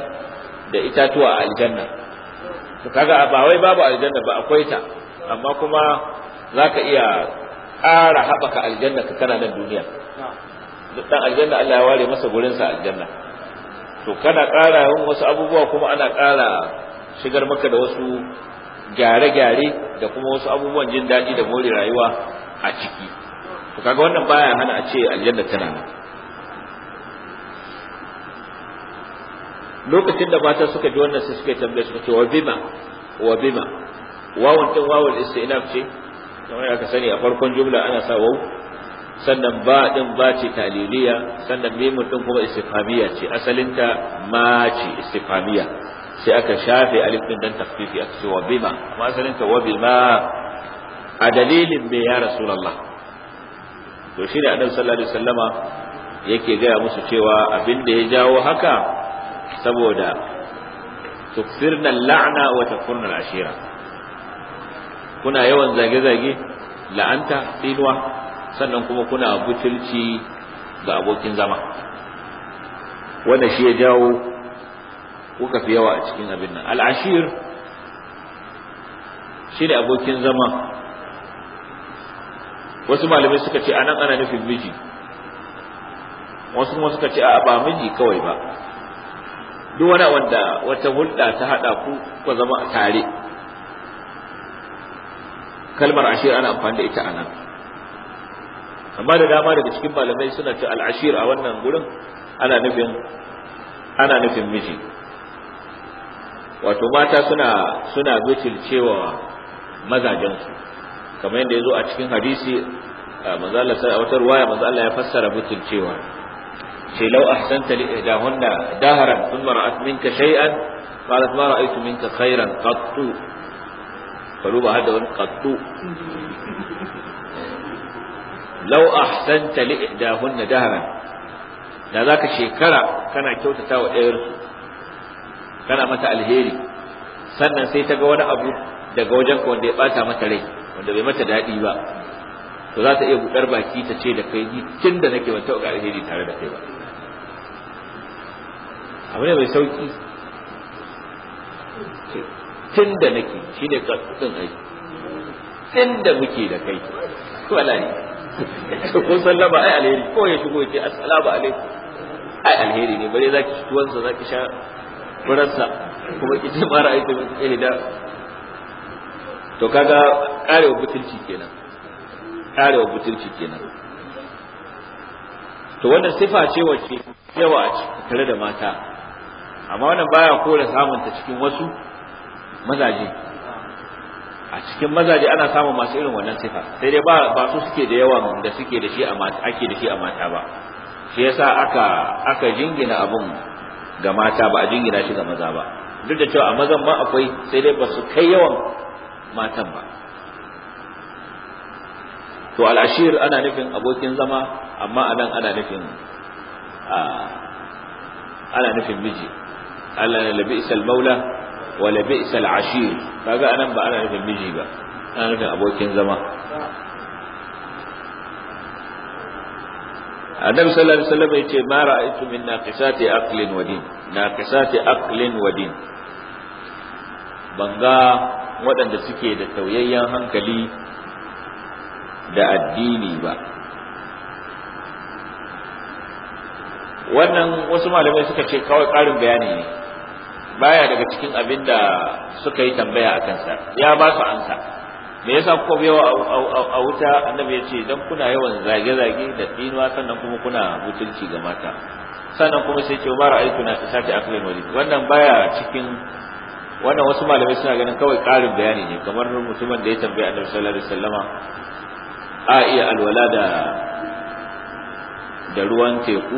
da itatuwa a aljanna to kaga ba wai babu aljanna ba akwai ta amma kuma zaka iya ƙara haɓaka aljanna ka kana nan duniya duk dan aljanna Allah ya ware masa gurinsa aljanna to kana ƙara yin wasu abubuwa kuma ana ƙara shigar maka da wasu gyare-gyare da kuma wasu abubuwan jin daji da more rayuwa a ciki to kaga wannan baya hana a ce aljanna tana nan lokacin da mata suka ji wannan sai suka tambaye suka ce wa bima wa bima wawan wawan wawul istinaf ce kamar aka sani a farkon jumla ana sa waw sannan ba din ba ce taliliya sannan mimun din kuma istifhamiya ce asalinta ma ce istifhamiya sai aka shafe alifin dan takfifi aka ce wa bima amma asalin ta wa bima a dalilin me ya rasulullah to shi ne annabi sallallahu alaihi wasallama yake gaya musu cewa abin da ya jawo haka saboda tukfirna la'na wa takfurna ashira kuna yawan zage-zage la'anta tsinuwa sannan kuma kuna butulci ga abokin zama wanda shi ya jawo kuka fi yawa a cikin abin nan al'ashir shi ne abokin zama wasu malamai suka ce anan ana nufin miji wasu kuma suka ce a ba miji kawai ba duk wani wanda wata hulɗa ta haɗa ku ku zama tare kalmar ashir ana amfani da ita a nan amma da dama daga cikin malamai suna ce al'ashir a wannan gurin ana nufin ana nufin miji wato mata suna suna butulcewa mazajensu kamar yadda ya zo a cikin hadisi a wata ruwaya manzo Allah ya fassara butulcewa sai law ahsanta li ihdahunna dahran thumma ra'at minka shay'an qalat ma ra'aytu minka khairan qattu faruba hada wani qattu Lau ahsanta li ihdahunna daharan, da zaka shekara kana kyautata wa ɗayarsu kana mata alheri sannan sai ta ga wani abu daga wajen ka wanda ya bata mata rai wanda bai mata daɗi ba to za ta iya buɗar baki ta ce da kai ni tun da nake wata ga alheri tare da kai ba abu ne mai sauki tun da nake shi ne ɗin aiki tun da muke da kai to Allah ko kun sallama ai alheri ko ya shigo ya ce assalamu alaikum ai alheri ne bare zaki tuwansa zaki sha furarsa kuma ita ma ra'aytu min ihda to kaga karewa butulci kenan karewa butulci kenan to wannan sifa ce wacce yawa a tare da mata amma wannan baya kore samun ta cikin wasu mazaje a cikin mazaje ana samun masu irin wannan sifa sai dai ba su suke da yawan da suke da shi a mata ake da shi a mata ba shi yasa aka aka jingina abun ga mata ba a jingina shi ga maza ba duk da cewa a mazan ma akwai sai dai ba su kai yawan matan ba to al'ashir ana nufin abokin zama amma nan ana nufin ana nufin miji Allah ne labi isal maula wa labi isal ashir kaga anan ba ana nufin miji ba ana nufin abokin zama annabi sallallahu alaihi wasallam yace ma ra'aytu min naqisati aqlin wa din naqisati aqlin wa din banga waɗanda suke da tauyayyen hankali da addini ba wannan wasu malamai suka ce kawai ƙarin bayani ne baya daga cikin abin da suka yi tambaya a kansa ya ba su ansa me yasa kuka biyo a wuta annabi ya ce dan kuna yawan zage-zage da tinuwa sannan kuma kuna mutunci ga mata sannan kuma sai ce mara aiku na ta sake akalin wali wannan baya cikin wannan wasu malamai suna ganin kawai ƙarin bayani ne kamar mutumin da ya tambaye annabi sallallahu alaihi wasallama a iya alwala da da ruwan teku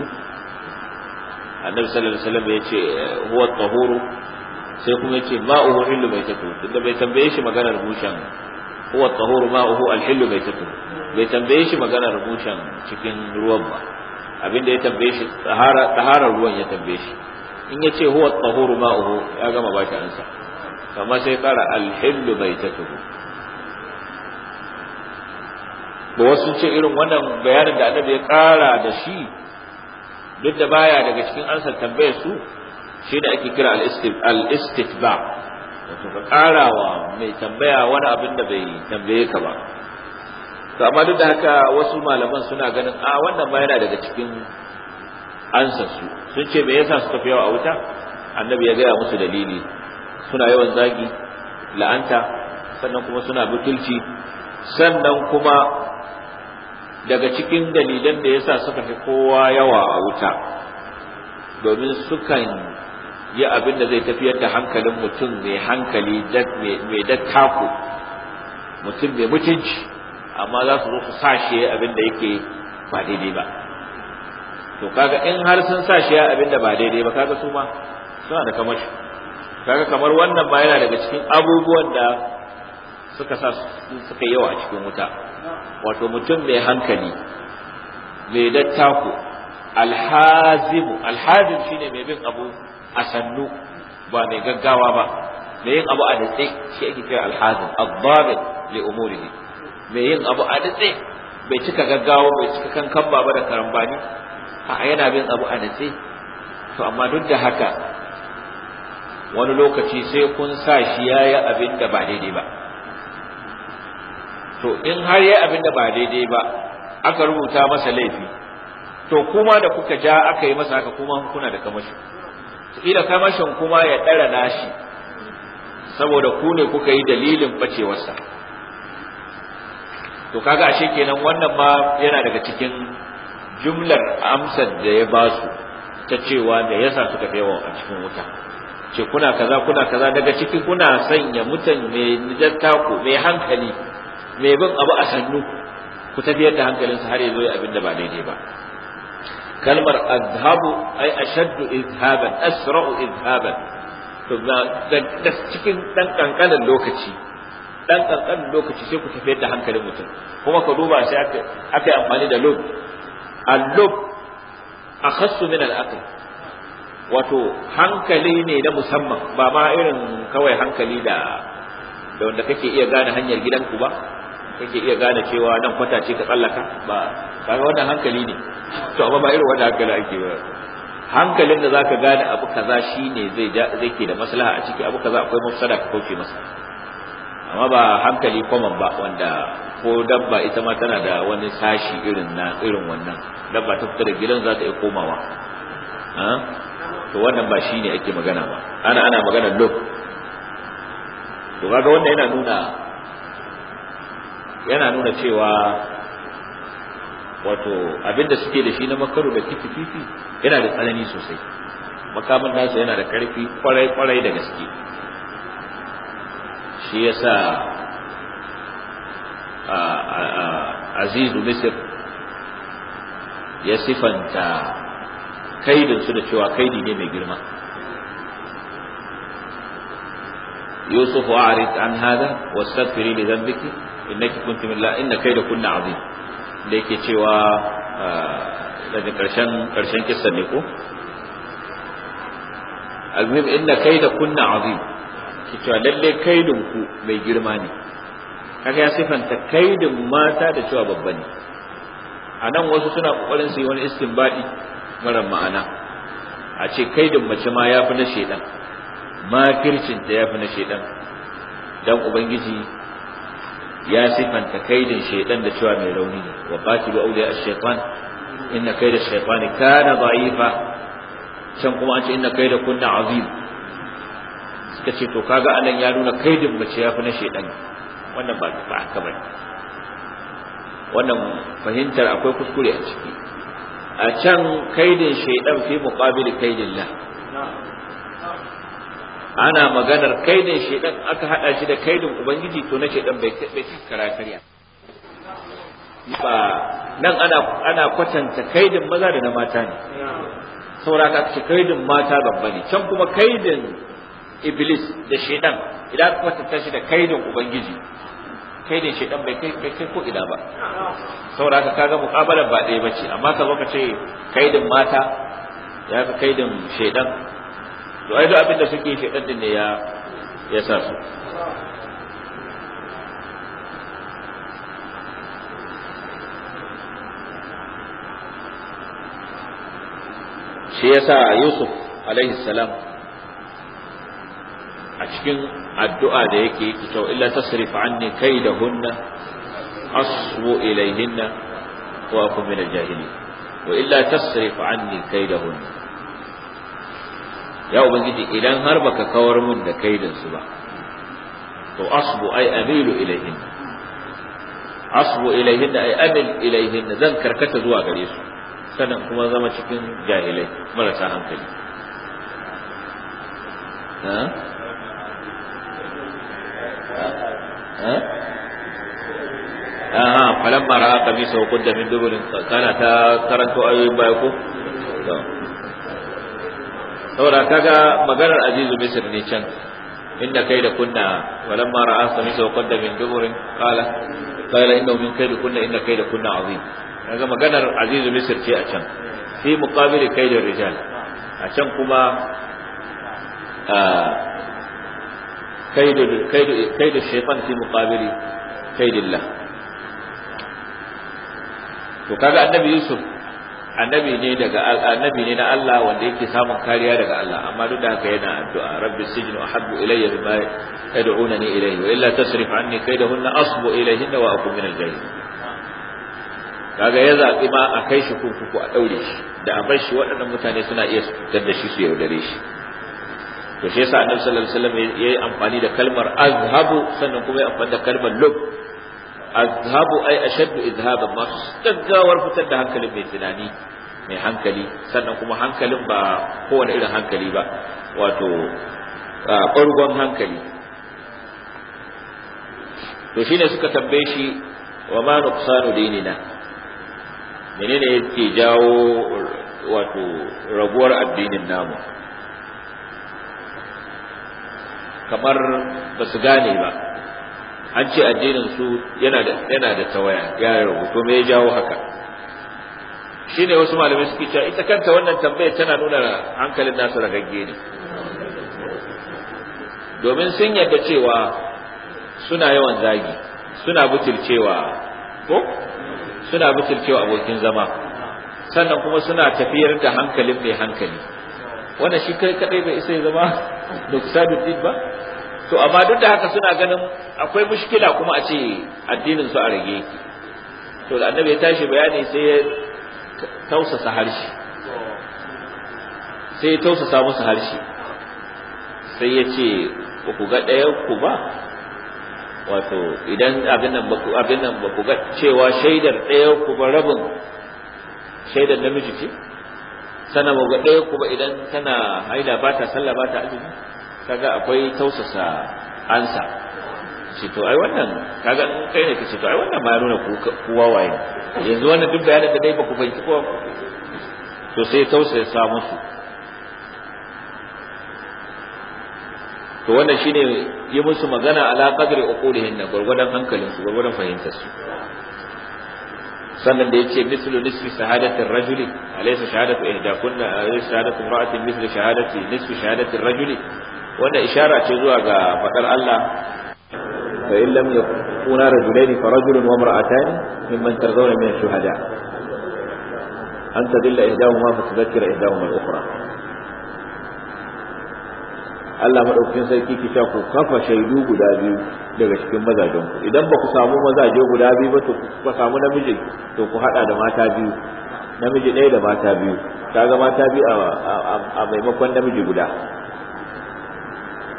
annabi sallallahu alaihi wasallam ya ce huwa tahuru sai kuma ya ce ma'uhu illu bai tafi tunda bai tambaye shi maganar bushan huwa tahuru ma'uhu alhillu baitukum bai tambaye shi maganar bushen cikin ruwan ba abinda ya tambaye shi tahara ruwan ya tambaye shi in ya ce huwa tahuru ma'uhu ya gama ba shi ansa amma sai kara bai baitukum ba wasu ce irin wannan bayanin da annabi ya kara da shi duk da baya daga cikin ansar tambayar su shi da ake kira al-istitba wato ka ƙarawa mai tambaya wani abin da bai tambaye ka ba to amma duk da haka wasu malaman suna ganin a wannan ma yana daga cikin ansar su sun ce me yasa suka fi yawa a wuta annabi ya gaya musu dalili suna yawan zagi la'anta sannan kuma suna butulci sannan kuma daga cikin dalilan da yasa suka fi kowa yawa a wuta domin sukan yi abin da zai tafiyar da hankalin mutum mai hankali mai dattako mutum mai mutunci amma za su zo su sashe abin da yake ba daidai ba to kaga in har sun sashe abin da ba daidai ba kaga su ma suna da kamar shi kaga kamar wannan ba yana daga cikin abubuwan da suka sa suka yawa a cikin wuta wato mutum mai hankali mai dattako alhazimu alhazim shine mai bin abu a sannu ba mai gaggawa ba mai yin abu a datse shi ake kira alhazin abdabin li ne mai yin abu a datse bai cika gaggawa bai cika kankan ba da karambani a yana bin abu a datse to amma duk da haka wani lokaci sai kun sa shi ya yi abin da ba daidai ba to in har ya abin da ba daidai ba aka rubuta masa laifi to kuma da kuka ja aka yi masa haka kuma kuna da kamashi kila kamashin kuma ya ɗara nashi saboda ku ne kuka yi dalilin bacewarsa to kaga ashe kenan wannan ma yana daga cikin jumlar amsar da ya ba su ta cewa da yasa suka fi yawa a cikin wuta ce kuna kaza kuna kaza daga ciki kuna sanya mutan mai ku mai hankali mai bin abu a sannu ku tafiyar da hankalinsa har ya zo abin da ba daidai ba kalmar azhabu ai ashaddu izhaban asra'u izhaban to da cikin dan kankanin lokaci dan kankanin lokaci sai ku tafi da hankalin mutum kuma ka duba sai aka aka amfani da lub al-lub akhassu min al-aql wato hankali ne na musamman ba ma irin kawai hankali da da wanda kake iya gane hanyar gidanku ba kake iya gane cewa nan kwata ce ka tsallaka ba kaga wannan hankali ne to amma ba irin wannan hankali ake ba hankalin da zaka gane abu kaza shine zai zai ke da maslaha a ciki abu kaza akwai mafsada ka kauce masa amma ba hankali common ba wanda ko dabba ita ma tana da wani sashi irin na irin wannan dabba ta fita da gidan za ta iya komawa ah? to wannan ba shine ake magana ba ana ana magana look to kaga wannan yana nuna yana nuna cewa wato abinda suke da shi na makaru da kifififi yana da tsanani sosai makamin nasu yana da karfi kwarai kwarai da gaske shi ya sa azizu misir ya sifanta kaidinsu da cewa kaidi ne mai girma Yusuf يوسف wasu عن هذا zan zambiki innaki kuntum la inna kai da kunna azim da yake cewa ah, daga karshen karshen kissan ne ko almuhim inna kai da kunna azim ki cewa lalle kaidin ku mai girma ne kaga ya sifanta kaidin mata da cewa babba ne a nan wasu suna kokarin su yi wani istinbadi mara ma'ana a ce kaidin mace ma yafi na shedan makircin ta yafi na shedan dan ubangiji ya sifanta kaidin shaitan da cewa mai rauni ne wa qatilu awliya ash-shaytan inna kaida ash-shaytani kana da'ifa can kuma an ce inna kaida kunna azim suka ce to kaga anan ya nuna kaidin mace yafi na shaitan wannan ba ba haka bane wannan fahimtar akwai kuskure a ciki a can kaidin shaitan fi muqabil kaidillah ana maganar kaidin shedan aka hada shi da kaidin ubangiji to na shedan bai bai taskara karya ba nan ana ana kwatanta kaidin maza da na mata ne saboda ka ce kaidin mata babba ne can kuma kaidin iblis da shedan idan aka kwatanta shi da kaidin ubangiji kaidin shedan bai kai bai kai ko ina ba saboda ka kaga muqabalar ba ɗaya bace amma ka zo ka ce kaidin mata ya fi kaidin shedan to ai duk abin da suke shi din ne ya ya sa su shi ya yasa Yusuf alaihi salam a cikin addu'a da yake yake cewa illa kai da kaidahunna asbu ilayhinna ko akun min al-jahili wa illa kai da kaidahunna ya ubangiji idan har baka kawar mun da kaidan su ba to asbu ay amilu ilayhin asbu ilayhin ay amil ilayhin zan karkata zuwa gare su sannan kuma zama cikin jahilai marasa hankali ha ha aha falamma ra'a qamisa wa qudda min dubulin kana ta karanto ayoyin baya ko saboda kaga maganar azizu misir ne can inda kai da kunna walan ma ra'a samisa wa qadda min duburin qala qala innahu min kai da kunna inda kai da kunna azim kaga maganar azizu misir ce a can fi muqabili kai da rijal a can kuma kai da kai da kai da shaytan fi muqabili kai dillah to kaga annabi yusuf annabi ne daga annabi ne na Allah wanda yake samun kariya daga Allah amma duk da haka yana addu'a rabbi sijnu ahabbu ilayya mimma yad'unani ilayhi wa illa tasrif anni kaydahunna asbu ilayhinna wa akun min al-jahilin kaga ya zabi ma a kai shi kurkuku a daure shi da a bar shi waɗannan mutane suna iya fitar da shi su yaudare shi to shi yasa annabi sallallahu alaihi wasallam yayi amfani da kalmar azhabu sannan kuma ya amfani da kalmar lub azhabu ai ashaddu izhaban masu gaggawar fitar da hankalin mai tunani mai hankali sannan kuma hankalin ba kowane irin hankali ba wato ɓargon hankali to shine suka tambaye shi wa ma nuqsanu dinina menene yake jawo wato raguwar addinin namu kamar ba su gane ba an ce addinin su yana da yana da tawaya ya rubuto me ya jawo haka shine wasu malamai suke cewa ita kanta wannan tambaya tana nuna hankalin nasu gagge ne domin sun yarda cewa suna yawan zagi suna butulcewa ko suna butulcewa abokin zama sannan kuma suna tafiyar da hankalin mai hankali wannan shi kai kadai bai isa ya zama da ba to amma duk da haka suna ganin akwai mushkila kuma a ce addinin su a rage yake to da annabi ya tashi bayani sai ya tausasa harshe sai ya tausasa musu harshe sai ya ce ba ku ga ɗayan ku ba wato idan abin nan ba abin nan ba ku ga cewa shaidar ɗayan ku ba rabin shaidar namiji ce sana ba ga ɗayan ku ba idan tana haila ba ta sallah ba ta azumi kaga akwai tausasa ansa ce to ai wannan kaga kai ne kace to ai wannan ma ya nuna kowa waye yanzu wannan duk bayanin da dai ba ku fahimci ko to sai tausasa musu to wannan shine yi musu magana ala qadri uqulihin na gurgurdan hankalin su gurgurdan fahimtar su sannan da yace mislu nisfi shahadati ar-rajuli alaysa shahadatu ihda kunna alaysa shahadatu imra'atin mislu shahadati nisfi shahadati ar-rajuli wannan ishara ce zuwa ga fadar Allah fa in lam yakuna rajulaini fa rajulun wa imra'atani mimman tarzawna min ash-shuhada an tadilla ihdahuma fa tudhakkira ihdahuma al-ukhra Allah madaukakin sarki ki ta ku kafa shaidu guda biyu daga cikin mazajen ku idan ba ku samu mazaje guda biyu ba to ku samu namiji to ku hada da mata biyu namiji ɗaya da mata biyu kaga mata biyu a maimakon namiji guda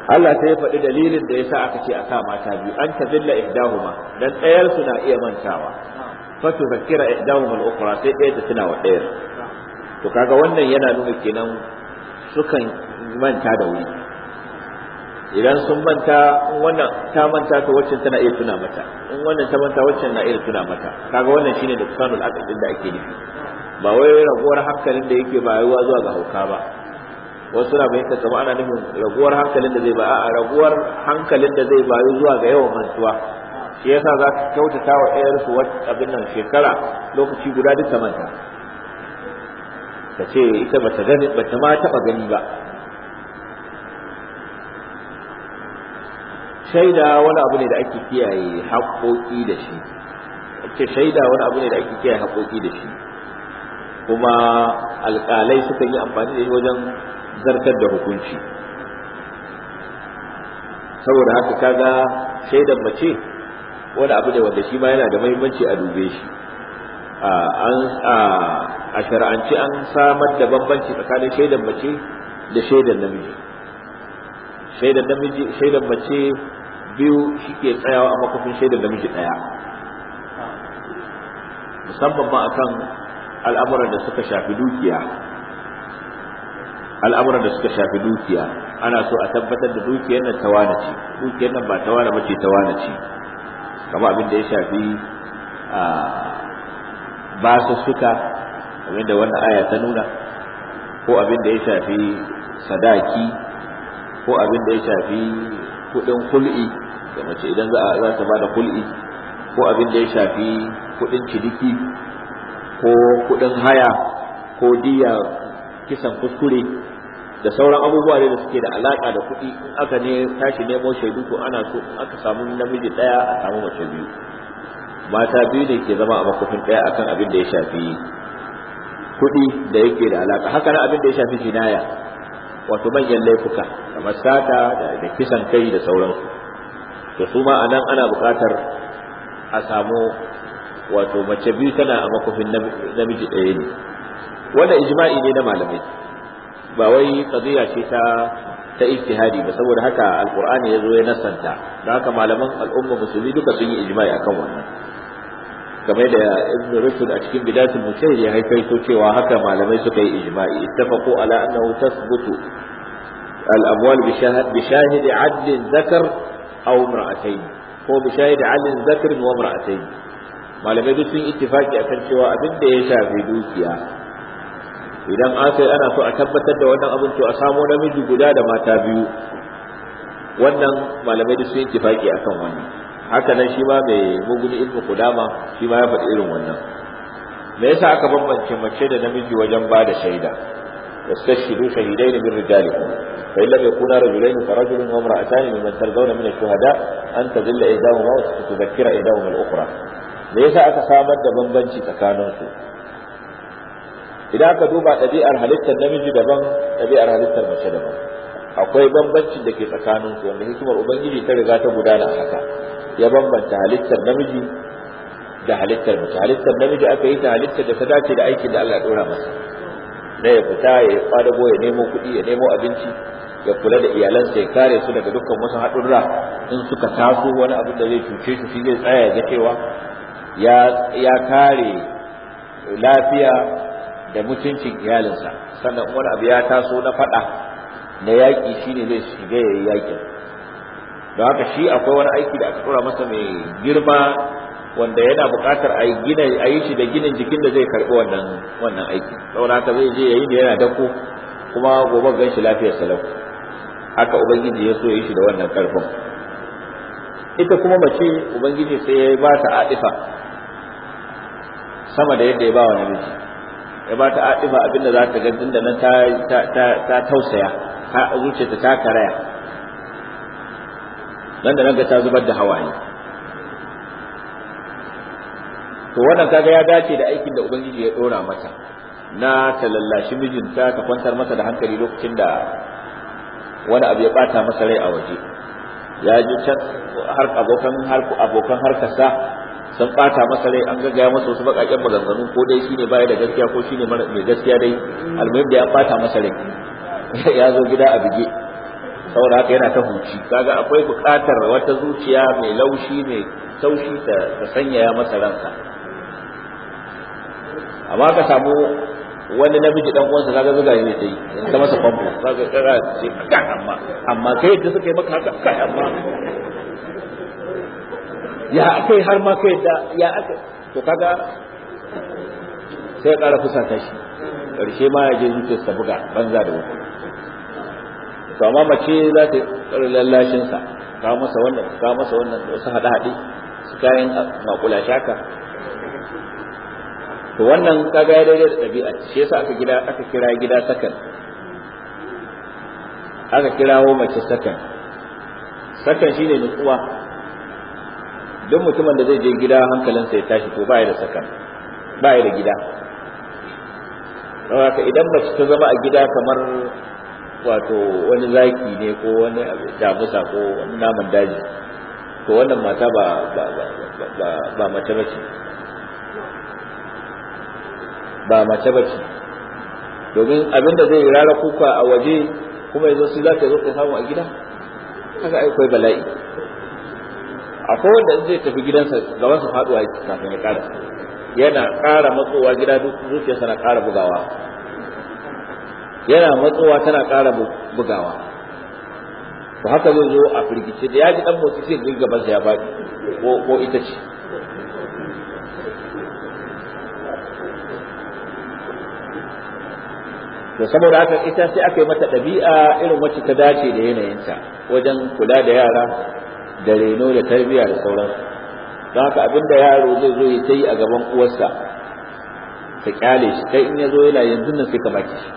Allah sai ya faɗi dalilin da ya sa aka ce a sa mata biyu an zilla ihdahuma dan ɗayar su na iya mantawa fa zakira ihdahuma al-ukhra sai ɗaya ta tuna wa ɗayar to kaga wannan yana nuna kenan sukan manta da wuri idan sun manta in wannan ta manta to waccan tana iya tuna mata in wannan ta manta waccan na iya tuna mata kaga wannan shine da kusanul aqal da ake nufi ba wai raguwar hankalin da yake bayuwa zuwa ga hauka ba wasu na bayyanta kama ana nufin raguwar hankalin da zai ba a raguwar hankalin da zai bayu zuwa ga yawan mantuwa shi yasa za ka kyautata wa ɗayarsu wata abin nan shekara lokaci guda duk ta manta ta ce ita bata gani ta ma taɓa gani ba shaida wani abu ne da ake kiyaye haƙoƙi da shi ce shaida wani abu ne da ake kiyaye haƙoƙi da shi kuma alƙalai suka yi amfani da shi wajen zartar da hukunci saboda haka kaga shaidan mace wani abu da wanda shi ma yana da mahimmanci a dube shi a shar'anci an samar da bambanci tsakanin shaidan mace da shaidan namiji shaidan namiji shaidan mace biyu shike tsayawa a makafin shaidan namiji daya musamman ma akan al'amuran da suka shafi dukiya al'amuran da suka shafi dukiya ana so a tabbatar da dukiyar nan tawana ce dukiyar nan ba tawana bace tawana ce kamar abin da ya shafi a basussuka abin da wannan aya ta nuna ko abin da ya shafi sadaki ko abin da ya shafi kudin kul'i da mace idan za ta bada kul'i ko abin da ya shafi kudin ciniki ko kudin haya ko diya kisan kuskure da sauran abubuwa ne da suke da alaka da kuɗi in aka ne tashi nemo shaidu ko ana so aka samu namiji ɗaya a samu mace biyu mata biyu ne ke zama a makofin ɗaya akan abin da ya shafi kuɗi da yake da alaka haka na abin da ya shafi jinaya wato manyan laifuka kamar sata da kisan kai da sauransu to su ma anan ana buƙatar a samu wato mace biyu tana a makofin namiji ɗaya ne wanda ijma'i ne na malamai ba wai qadiya ce ta ta ijtihadi ba saboda haka alqur'ani yazo ya nasanta don haka malaman al'umma musulmi duka sun yi ijma'i akan wannan kamar da ibn rushd a cikin bidatul mujtahid ya haikaito cewa haka malamai suka yi ijma'i ittafaqu ala annahu tasbutu al-amwal bi shahad bi shahid 'adl dhakar aw imra'atayn ko bi shahid 'adl dhakar wa imra'atayn malamai duk sun ittifaki akan cewa abin da ya shafi dukiya idan aka sai ana so a tabbatar da wannan abin to a samo namiji guda da mata biyu wannan malamai da su yi faki akan wannan haka nan shi ma mai muguni ilmi kudama shi ma ya faɗi irin wannan me yasa aka bambance mace da namiji wajen ba da shaida yastashhidu shahidain min rijalikum fa illa yakuna rajulain fa rajulun wa imra'atani mimman zauna min ash-shuhada an tadilla idahuma wa tudhakkira idahuma al-ukhra me yasa aka samar da bambanci tsakanin su idan aka duba ɗabi'ar halittar namiji daban ɗabi'ar halittar mace daban akwai bambancin da ke tsakanin su wanda hikimar ubangiji ta riga ta gudana a haka ya bambanta halittar namiji da halittar mace halittar namiji aka yi ta halittar da ta dace da aikin da Allah ya dora masa na ya fita ya kwadago ya nemo kuɗi ya nemo abinci ya kula da iyalansa ya kare su daga dukkan wasu haɗurra in suka taso wani abu da zai cuce su shi zai tsaya ya cewa ya kare lafiya da mutuncin iyalinsa sannan wani abu ya taso na faɗa na yaƙi shine zai shiga yayi yaƙin don haka shi akwai wani aiki da aka tura masa mai girma wanda yana buƙatar a yi shi da ginin jikin da zai karɓi wannan wannan aiki saboda haka zai je yayi da yana dako kuma gobe gan shi lafiyar salau haka ubangiji ya so ya yi shi da wannan ƙarfin ita kuma mace ubangiji sai ya ba ta adifa sama da yadda ya ba wa namiji ya ba ta abin abinda za ta ga da nan ta tausaya ta zuciyarta ta ta karaya nan da nan ga ta zubar da hawaye to wannan kaga ya dace da aikin da ubangiji ya dora mata na ta lallashi mijinta ta kwantar masa da hankali lokacin da wani abu ya bata masa rai a waje ya ji can har abokan abokan harkarsa sun bata masa rai an gaggaya masa wasu bakakken maganganu ko dai shine baya da gaskiya ko shine mai gaskiya dai almuhim da ya bata masa rai ya zo gida a bige saboda haka yana ta huci kaga akwai bukatar wata zuciya mai laushi mai taushi ta sanyaya masa ransa amma ka samu wani namiji dan uwansa kaga zuga ne sai ta masa famfo kaga kaga ce amma amma kai da suka yi maka haka kai amma ya akwai har ma kai da ya aka to kaga sai ya ƙara fusata shi ƙarshe ma ya je sa buga banza da wuta to amma mace za ta lallashin sa ka masa wannan ka masa wannan da wasu hada hade su kayan makula shaka to wannan kaga ya daidai da dabi'a shi yasa aka gida aka kira gida sakan aka kirawo mace sakan sakan shine nutsuwa don mutumin da zai je gida hankalinsa ya tashi to baya da saka baya da gida haka idan ba ta zama a gida kamar wato wani zaki ne ko wani damusa ko wani naman daji to wannan mata ba ba ba ba mace ba mace bace domin abinda zai rara kuka a waje kuma yanzu sai za ta zo ta samu a gida kaga ai bala'i akwai wanda zai tafi gidansa gaban sa faduwa yake kafin ya kara yana kara matsowa gida zuciyarsa na kara bugawa yana matsowa tana kara bugawa to haka zai zo a firgice da ya ji dan motsi sai ga gaban sa ya faɗi ko ita ce da saboda haka ita sai aka yi mata ɗabi'a irin wacce ta dace da yanayinta wajen kula da yara da reno da tarbiyya da sauransu don haka abinda yaro zai zo ya yi a gaban uwarsa ka kyale shi kai in ya zo yana yanzu nan sai ka baki shi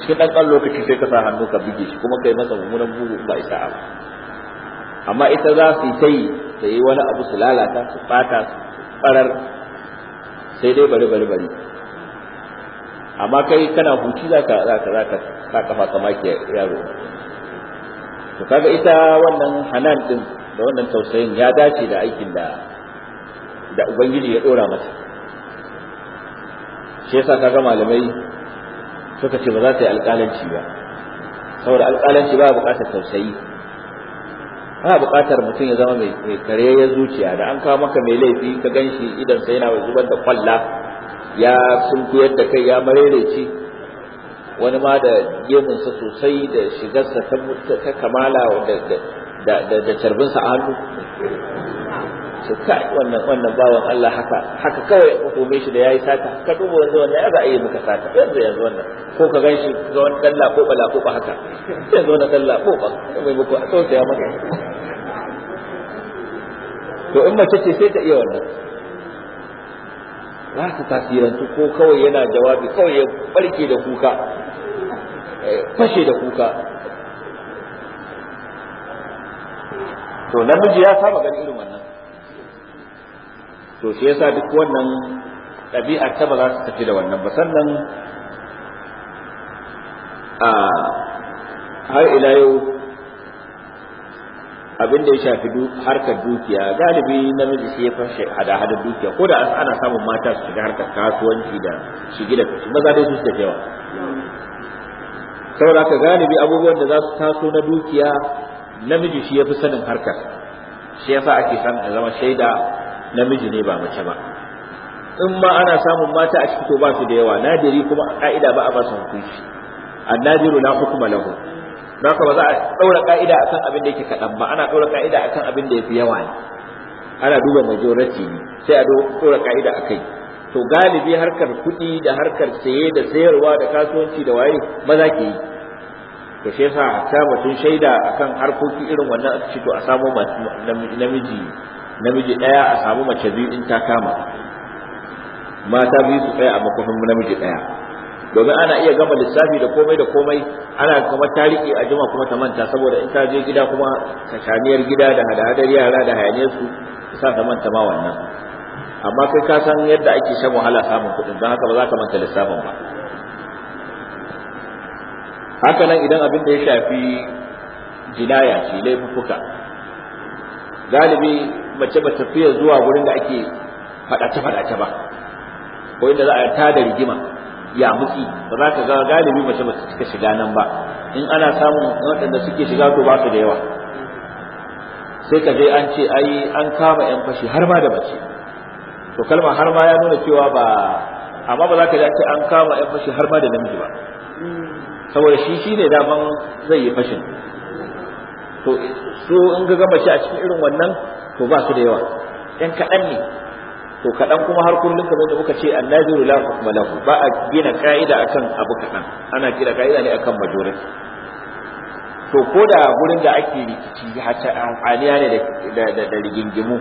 cikin ɗan ɗan lokaci sai ka sa hannu ka buge shi kuma kai masa mummunan bugu ba isa ba. amma ita za su yi ta yi wani abu su lalata su ɓata su ɓarar sai dai bari bari bari amma kai kana huci za ka za ka za ka sa kafa kamar yaro to kaga ita wannan hanan din da wannan tausayin ya dace da aikin da da ubangiji ya dora mata shi yasa kaga malamai suka ce ba za ta yi alƙalanci ba saboda alƙalanci ba buƙatar tausayi ba buƙatar mutum ya zama mai kare ya zuciya da an kawo maka mai laifi ka ganshi idan sai yana zubar da kwalla ya sunkuyar da kai ya marereci wani ma da gemunsa sosai da shigarsa ta kamala da carbinsa a hannu su kai wannan wannan bawan Allah haka haka kawai ku tume shi da yi sata ka duba wanda wannan ya za a yi muka sata yanzu yanzu wannan ko ka ganshi ga wani dalla ko bala ko haka yanzu wannan dalla ko ba mai muku a tausaya maka to in mace ce sai ta iya wannan za ta tasirantu ko kawai yana jawabi kawai ya barke da kuka fashe da kuka to namiji ya saba ganin irin wannan to shi yasa duk wannan ɗabi'ar ta ba za su tafi da wannan ba sannan a har ila yau abin da ya shafi harkar dukiya galibi namiji sai ya fashe hada hada dukiya ko da ana samun mata su shiga harkar kasuwanci da shigi da kashi maza dai su su yawa saboda haka galibi abubuwan da za su taso na dukiya namiji shi ya fi sanin harkar shi yasa ake san a zama shaida namiji ne ba mace ba in ma ana samun mata a ciki to ba su da yawa nadiri kuma a ka'ida ba a ba su hukunci annadiru la hukuma lahu ka ba za a daura ka'ida akan abin da yake kadan ba ana daura ka'ida akan abin da yafi yawa ne ana duba majority ne sai a daura ka'ida akai to galibi harkar kuɗi da harkar saye da sayarwa da kasuwanci da waye maza ke yi to shi yasa hatta batun shaida akan harkoki irin wannan aka ce to a samu namiji namiji daya a samu mace biyu in ta kama mata biyu su tsaya a makofin namiji daya domin ana iya gama lissafi da komai da komai ana kuma tariki a jima kuma ta manta saboda in ta je gida kuma kashaniyar gida da hada yara da hayaniyar su sa ta manta ma wannan amma kai ka san yadda ake shan wahala samun kuɗin don haka ba za ka manta lissafin ba haka nan idan abin da ya shafi jinaya ce laifuka galibi mace ba tafiya zuwa gurin da ake faɗace faɗace ba ko inda za a ta da rigima ya mutsi ba za ka ga galibi mace ba ta shiga nan ba in ana samun waɗanda suke shiga to ba su da yawa sai ka je an ce ai an kama yan fashi har ma da mace to kalma har ma ya nuna cewa ba amma ba za ka ji an kama yan fashi har ma da namiji ba saboda shi shi ne daban zai yi fashin to su in ga gama shi a cikin irin wannan to ba su da yawa ɗan kaɗan ne to kaɗan kuma har kullum kamar da muka ce annaziru la hukma lahu ba a gina ka'ida akan abu kaɗan ana gina ka'ida ne akan majority to ko da gurin da ake rikici hata amfaniya ne da rigingimu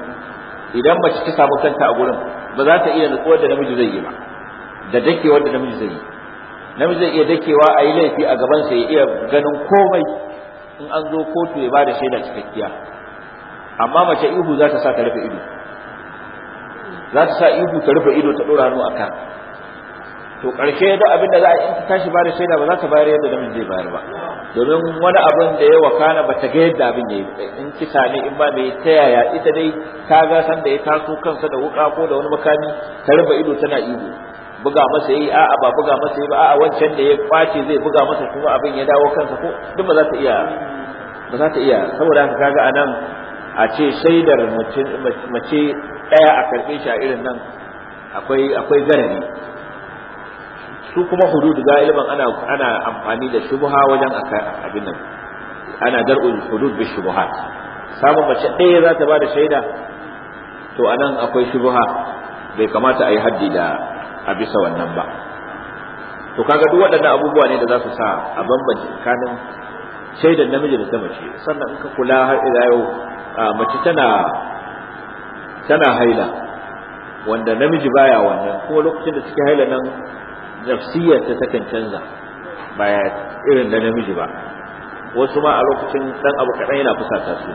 idan mace ta samu kanta a gurin ba za ta iya nutsuwar da namiji zai yi ba da dake wanda namiji zai yi namiji zai iya dakewa a yi laifi a gabansa ya iya ganin komai in an zo kotu ya bada shaida cikakkiya amma mace ihu za ta sa ta rufe ido za ta sa ihu ta rufe ido ta ɗora hannu a kan to ƙarshe da abin da za a yi ta tashi bada shaida ba za ta bayar yadda namiji zai bayar ba domin wani abin da ya wakana ba ta ga yadda abin ya yi in kisa ne in ba ya ta yaya ita dai ta ga san da ya taso kansa da wuka ko da wani makami ta rufe ido tana ihu buga masa yi a'a ba buga masa yi ba a'a wancan da ya kwace zai buga masa kuma abin ya dawo kansa ko duk ba za ta iya ba za ta iya saboda haka kaga anan a ce shaidar mace daya a karbe shi a irin nan akwai akwai garari su kuma hudud galiban ana ana amfani da shubha wajen abin nan ana dar'ul hudud bi shubuhat samun mace ɗaya za ta ba da shaida to anan akwai shubha bai kamata a yi haddi da a bisa wannan ba to kaga duk waɗannan abubuwa ne da za su sa a bambance tsakanin shaidar namiji da ta mace sannan in ka kula har ila yau mace tana tana haila wanda namiji baya wannan kuma lokacin da suke haila nan nafsiyar ta takan canza baya irin da namiji ba wasu ma a lokacin dan abu kaɗan yana fusata su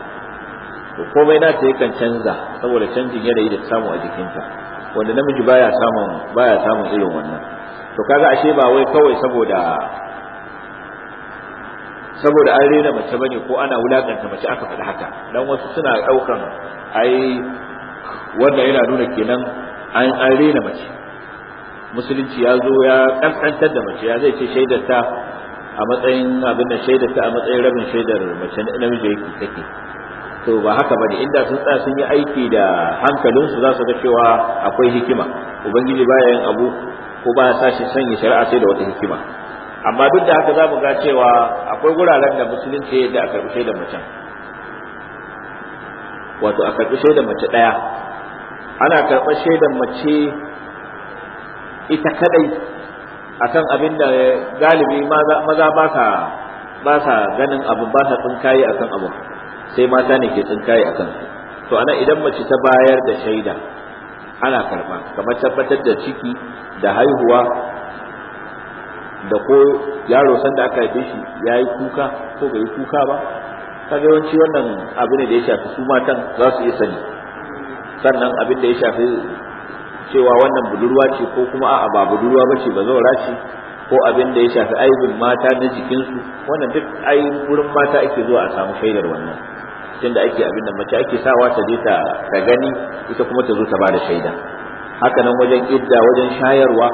to komai na ta yakan canza saboda canjin yanayi da samu a jikinta wanda namiji baya samun baya samun irin wannan to kaga ashe ba wai kawai saboda saboda an rena mace bane ko ana wulakanta mace aka faɗi haka dan wasu suna ɗaukan ai wanda yana nuna kenan an an rena mace musulunci ya zo ya kankantar da mace ya zai ce shaidarta a matsayin abin da shaidarta a matsayin rabin shaidar mace namiji yake take to ba haka ba ne, inda sun tsaya sun yi aiki da hankalinsu za su ga cewa akwai hikima ubangiji baya yin abu ko ba sa sashi sanya shari'a sai da wata hikima amma duk da haka za mu ga cewa akwai wuraren da musulunci da a karɓi shaidar mace, wato a karɓi shaidar mace ɗaya ana karɓar shaidar mace ita kadai kan abin da galibi maza ba sa ganin abu ba sa tsinkaye kan abu sai mata ne ke tsinkaye akan su to ana idan mace ta bayar da shaida ana karba kamar tabbatar da ciki da haihuwa da ko yaro sanda aka haife shi ya yi kuka ko bai yi kuka ba kaga yawanci wannan abu ne da ya shafi su matan za su iya sani sannan abin da ya shafi cewa wannan budurwa ce ko kuma a'a ba budurwa ba ce ba zaura ce ko abin da ya shafi aibin mata na jikinsu wannan duk ai wurin mata ake zuwa a samu shaidar wannan lokacin da ake abin da mace ake sawa ta je ta gani ita kuma ta zo ta bada shaida haka nan wajen idda wajen shayarwa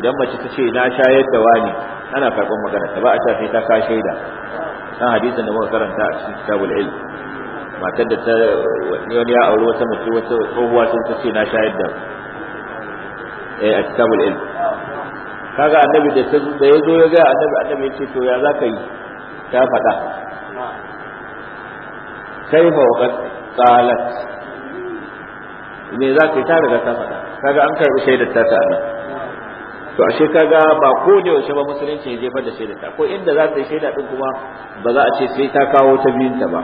idan mace ta ce na shayar da wani ana karɓar magana ta ba a tafi ta ka shaida san hadisin da muka karanta a cikin kitabul ilm matar da ta wani ya auri wata mace wata tsohuwa sun ta ce na shayar da eh, a kitabul ilm kaga annabi da ta da ya zo ya ga annabi annabi ya ce to ya zaka yi ta faɗa kaifa wa qad me za ka yi ta riga ta faɗa kaga an karɓi shaidar ta ta to ashe kaga ba ko ne yaushe ba musulunci ya jefar da shaidar ta ko inda za ka shaida din kuma ba za a ce sai ta kawo ta biyun ta ba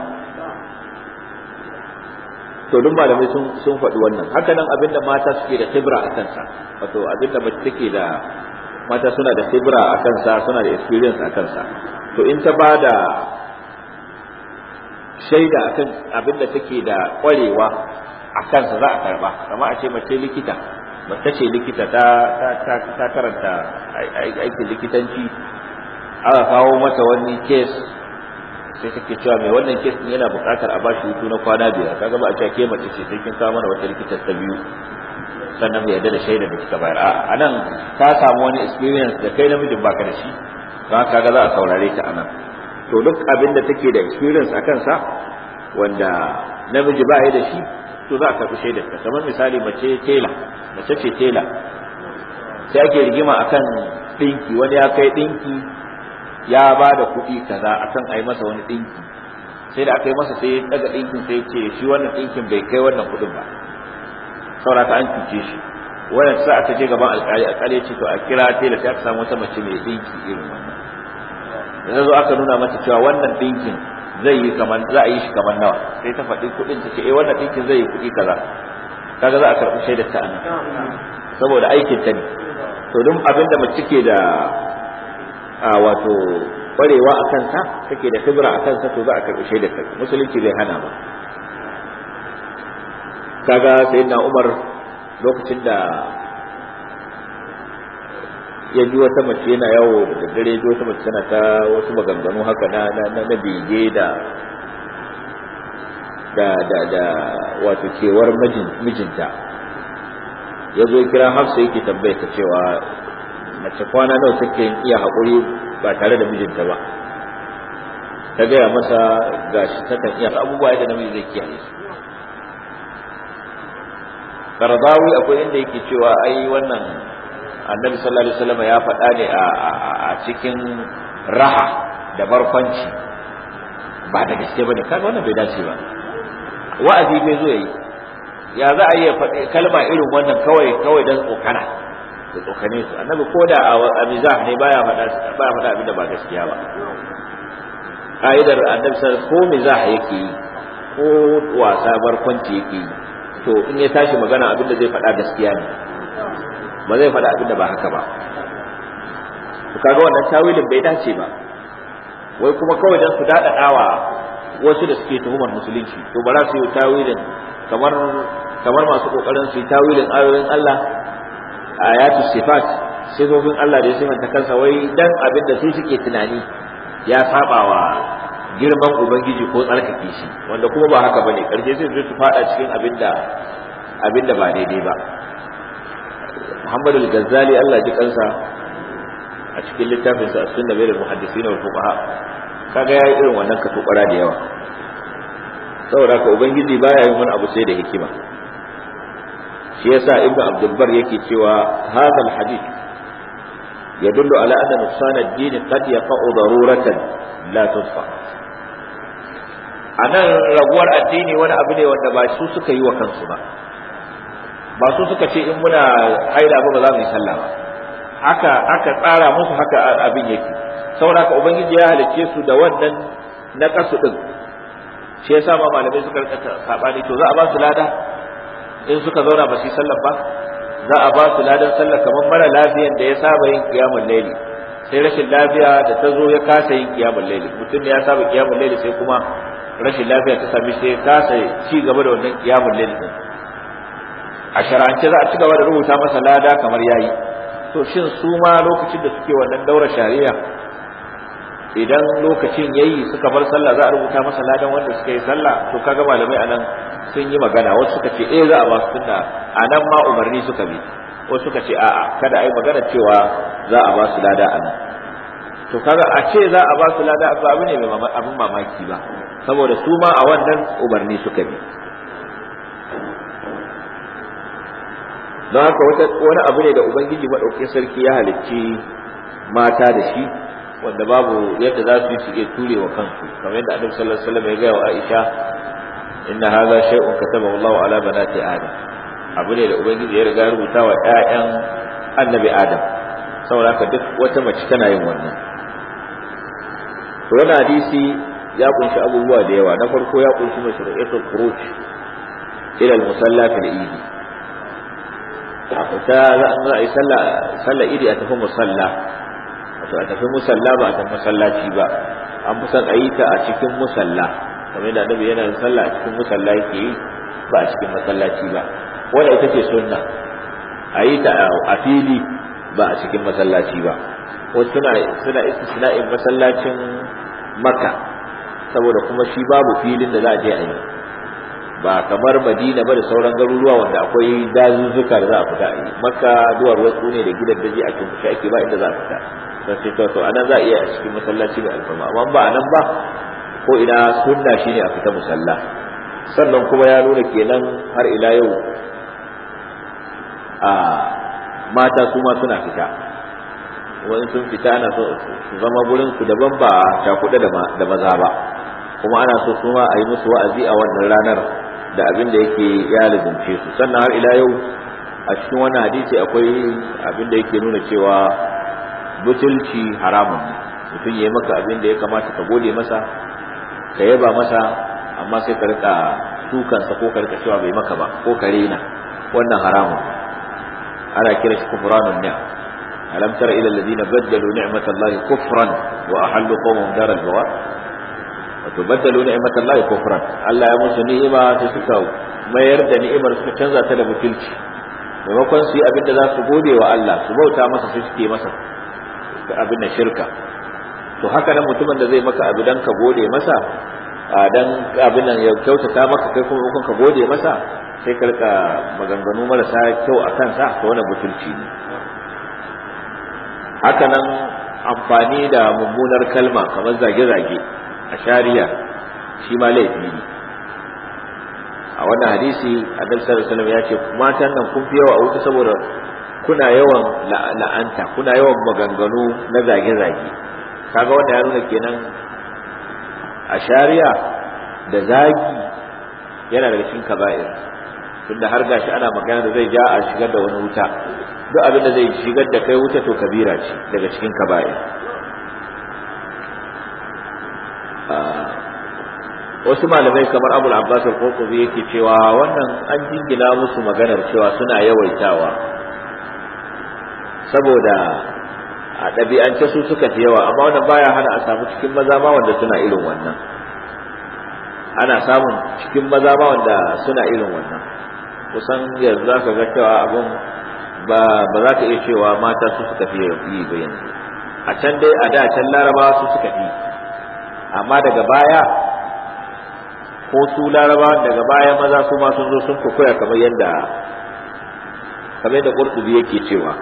to duk malamai sun sun faɗi wannan haka nan abinda mata suke da khibra a kansa wato abinda mace take da mata suna da khibra a kansa suna da experience a kansa to in ta bada shaida akan abin da take da kwarewa a kansa za a karba kama a ce mace likita mace ce likita ta ta karanta aikin likitanci aka kawo mata wani kes sai take cewa mai wannan kes ne yana buƙatar a bashi hutu na kwana biyar kaga ba a ce ke mace ce sai kin kawo mana wata likita ta biyu sannan bai yarda da shaida da kika bayar a nan ka samu wani experience da kai namijin baka da shi don haka ga za a saurare ta anan to duk abin da take da experience a kansa wanda namiji ba ya da shi to za a karɓi shaidar ta kamar misali mace tela mace ce tela sai ake rigima akan ɗinki wani ya kai ɗinki ya ba da kuɗi kaza akan a yi masa wani ɗinki sai da aka yi masa sai daga ɗinkin sai ce shi wannan ɗinkin bai kai wannan kuɗin ba saura ta an cuce shi wannan sai aka je gaban alƙali alƙali ce to a kira tela sai aka samu wata mace mai ɗinki irin wannan da zo aka nuna mata cewa wannan dinkin zai yi kaman za a yi shi kaman nawa sai ta faɗi kuɗin ta ce eh wannan dinkin zai yi kuɗi kaza kaga za a karɓi shaidar ta anan saboda aikin ta ne to duk abinda mace ke da a wato kwarewa a kansa take da kibra a kansa to za a karɓi shaidar ta musulunci bai hana ba kaga na Umar lokacin da ya bi wata mace yana yawo da dare ya wata mace tana ta wasu maganganu haka na na bege da da da da wato cewar mijinta ya zo kira hafsa yake tambaye ta cewa mace kwana nawa take iya haƙuri ba tare da mijinta ba ta gaya masa gashi takan iya abubuwa yadda namiji zai kiyaye su Karzawi akwai inda yake cewa ai wannan annabi sallallahu alaihi wasallam ya faɗa ne a cikin raha da barkwanci ba da gaske bane kaga wannan bai dace ba wa'azi bai zo yayi ya za a yi faɗi kalma irin wannan kawai kawai dan tsokana da tsokane su annabi ko da a mizah ne baya faɗa baya faɗa abinda ba gaskiya ba ka'idar annabi sallallahu ko mizah yake yi ko wasa barkwanci yake yi to in ya tashi magana abin da zai faɗa gaskiya ne ba zai faɗa abin da ba haka ba to kaga wannan tawilin bai dace ba wai kuma kawai dan su daɗaɗawa wasu da suke tuhumar musulunci to ba za su yi tawilin kamar kamar masu kokarin su yi tawilin ayoyin Allah ayatu sifat sifofin Allah da ya sifanta kansa wai dan abin da su suke tunani ya sabawa girman ubangiji ko tsarkake shi wanda kuma ba haka bane karshe sai su faɗa cikin abinda abinda ba daidai ba Muhammad al-Ghazali Allah ji kansa a cikin littafin sa Sunna bil Muhaddisin wal Fuqaha kaga yayi irin wannan katubara da yawa saboda ka ubangiji baya yin wani abu sai da hikima shi yasa ibnu Abdul Bar yake cewa hadha al-hadith يدل ala anna نقصان الدين قد يقع ضرورة daruratan la a nan raguwar addini wani abu ne wanda ba su suka yi wa kansu ba ba su suka ce in muna aida ba ba za mu yi sallah ba aka aka tsara musu haka abin yake saboda ka ubangiji ya halicce su da wannan na kasu din shi yasa ba malamai suka rika sabani to za a ba su lada in suka zauna ba su yi sallah ba za a ba su ladan sallah kamar mara lafiyan da ya saba yin kiyamul laili sai rashin lafiya da ta zo ya kasa yin kiyamul laili mutum ya saba kiyamul laili sai kuma rashin lafiya ta sami sai kasa ci gaba da wannan kiyamul laili din a shar'ance za a ci gaba da rubuta masa lada kamar yayi to shin su ma lokacin da suke wannan daura shari'a idan lokacin yayi suka bar sallah za a rubuta masa ladan wanda suka yi sallah to kaga malamai anan sun yi magana wasu suka ce eh za a ba su a anan ma umarni suka bi wasu suka ce a'a kada ai magana cewa za a ba su lada anan to kaga a ce za a ba su lada abu ne mai abin mamaki ba saboda su ma a wannan umarni suka bi don haka wani abu ne da ubangiji maɗauki sarki ya halicci mata da shi wanda babu yadda za su yi su iya ture wa kansu kamar yadda annabi sallallahu alaihi wasallam ya gaya wa Aisha inna hadha shay'un katabahu Allahu ala banati Adam abu ne da ubangiji ya riga rubuta wa ƴaƴan annabi Adam saboda haka duk wata mace tana yin wannan to wannan hadisi ya kunshi abubuwa da yawa na farko ya kunshi mashru'iyatul khuruj ila al-musalla fil idi ta za a yi sallah iri a tafi musalla a tafi musalla ba a tafi masallaci ba an musan a yi ta a cikin musalla kamar da annabi yana yin sallah a cikin musalla yake yi ba a cikin masallaci ba wadda ita ce sunna a yi ta a fili ba a cikin masallaci ba wasu suna suna istisna'in masallacin maka saboda kuma shi babu filin da za a je a yi ba kamar madina ba da sauran garuruwa wanda akwai dazuzzuka da za a fita a yi makka duwar wasu ne da gidan daji a cikin ake ba inda za a fita don sai to to anan za a iya a cikin masallaci da alfarma amma ba anan ba ko ina sunna shine a fita musalla sannan kuma ya nuna kenan har ila yau a mata su ma suna fita wani sun fita ana so su zama gurin su daban ba cakuɗe da maza ba kuma ana so su a yi musu wa'azi a wannan ranar da abin da yake ya lazumce su sannan har ila yau a cikin wannan hadisi akwai abin da yake nuna cewa butulci haramun mutum ya yi maka abin da ya kamata ka gode masa ka yaba masa amma sai ka rika sukansa ko ka rika cewa bai maka ba ko ka rena wannan haramun ana kira shi kufuranun ne alam tara ila alladhina baddalu ni'matallahi kufran wa ahallu qawmahum daral bawar wato baddalu ni'matan lahi kufran Allah ya musu ni'ima su suka mayar da ni'imar suka canza ta da mutunci maimakon su yi abin da za su gode wa Allah su bauta masa su suke masa abin da shirka to haka nan mutumin da zai maka abu dan ka gode masa dan abin nan ya kyautata maka kai kuma hukun ka gode masa sai ka rika maganganu marasa kyau a kansa to wani mutunci ne haka nan amfani da mummunar kalma kamar zage-zage A shari'a shi ma laifi ne a wannan hadisi a sallallahu ya ce matan nan kun fi yawa a wuta saboda kuna yawan la'anta kuna yawan maganganu na zage-zage kaga wanda ya nuna kenan a shari'a da zagi yana daga cikin kaba'ir tunda har gashi ana magana da zai ja a shigar da wani wuta duk abin da zai shigar da kai wuta to kabira ce daga cikin kaba'ir wasu malamai kamar abul abbas al-qurtubi yake cewa wannan an jingina musu maganar cewa suna yawaitawa saboda a ɗabi'ance su suka fi yawa amma wannan baya hana a samu cikin maza ma wanda suna irin wannan ana samun cikin maza ma wanda suna irin wannan kusan yanzu za ka ga cewa abin ba za ka iya cewa mata su suka fi yi ba yanzu a can dai a da can larabawa su suka fi amma daga baya ko su laraba daga baya maza su ma sun zo sun koya kamar yadda kamar yadda qurtubi yake cewa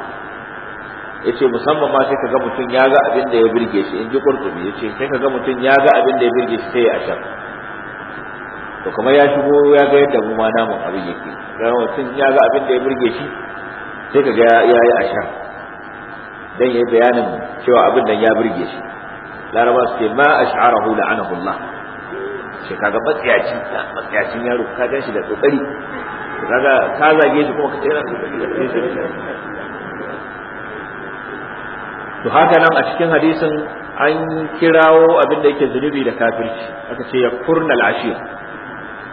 yace musamman ma sai kaga mutum ya ga abin da ya birge shi in ji ya yace sai kaga mutum ya ga abin da ya birge shi sai ya ashar to kamar ya shigo ya ga yadda mu ma namun abin yake ga mutum ya ga abin da ya birge shi sai kaga ya yi ashar dan yi bayanin cewa abin nan ya birge shi laraba su ce ma ash'arahu la'anahu Allah shi kaga matsiyaci matsiyacin yaro ka gan shi da kokari kaga ka zage shi kuma ka tsira to haka nan a cikin hadisin an kirawo abin da yake zunubi da kafirci aka ce ya kurna ashir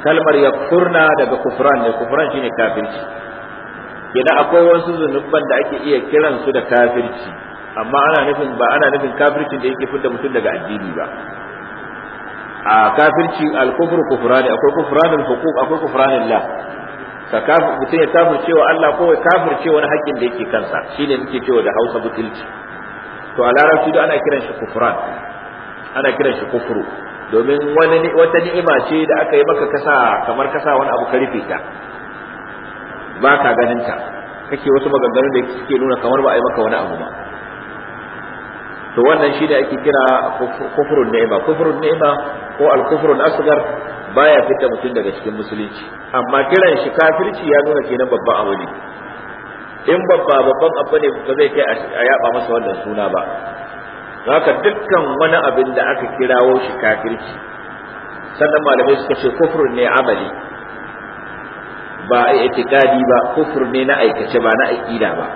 kalmar ya kurna daga kufran ne kufran shine kafirci idan akwai wasu zunuban da ake iya kiransu da kafirci amma ana nufin ba ana nufin kafircin da yake fitar mutum daga addini ba a kafirci al-kufr kufrani akwai kufranul huquq akwai kufranul la ka kafir mutum ya kafirce wa Allah ko ya kafirce wani haƙƙin da yake kansa shine muke cewa da Hausa butilci to a larabci da ana kiran shi kufran ana kiran shi kufru domin wani wata ni'ima ce da aka yi maka kasa kamar kasa wani abu ka rufe ta ba ka ganin ta kake wasu maganganun da suke nuna kamar ba a yi maka wani abu ba to wannan shi da ake kira kufrun ni'ima kufrun ni'ima ko al-kufrun asghar baya fita mutum daga cikin musulunci amma kiran shi kafirci ya nuna kenan babba abu ne in babba babban abu ne ba zai kai a yaba masa wannan suna ba haka dukkan wani abin da aka kirawo shi kafirci sannan malamai suka ce kufrun ne amali ba a itikadi ba kufur ne na aikace ba na aƙida ba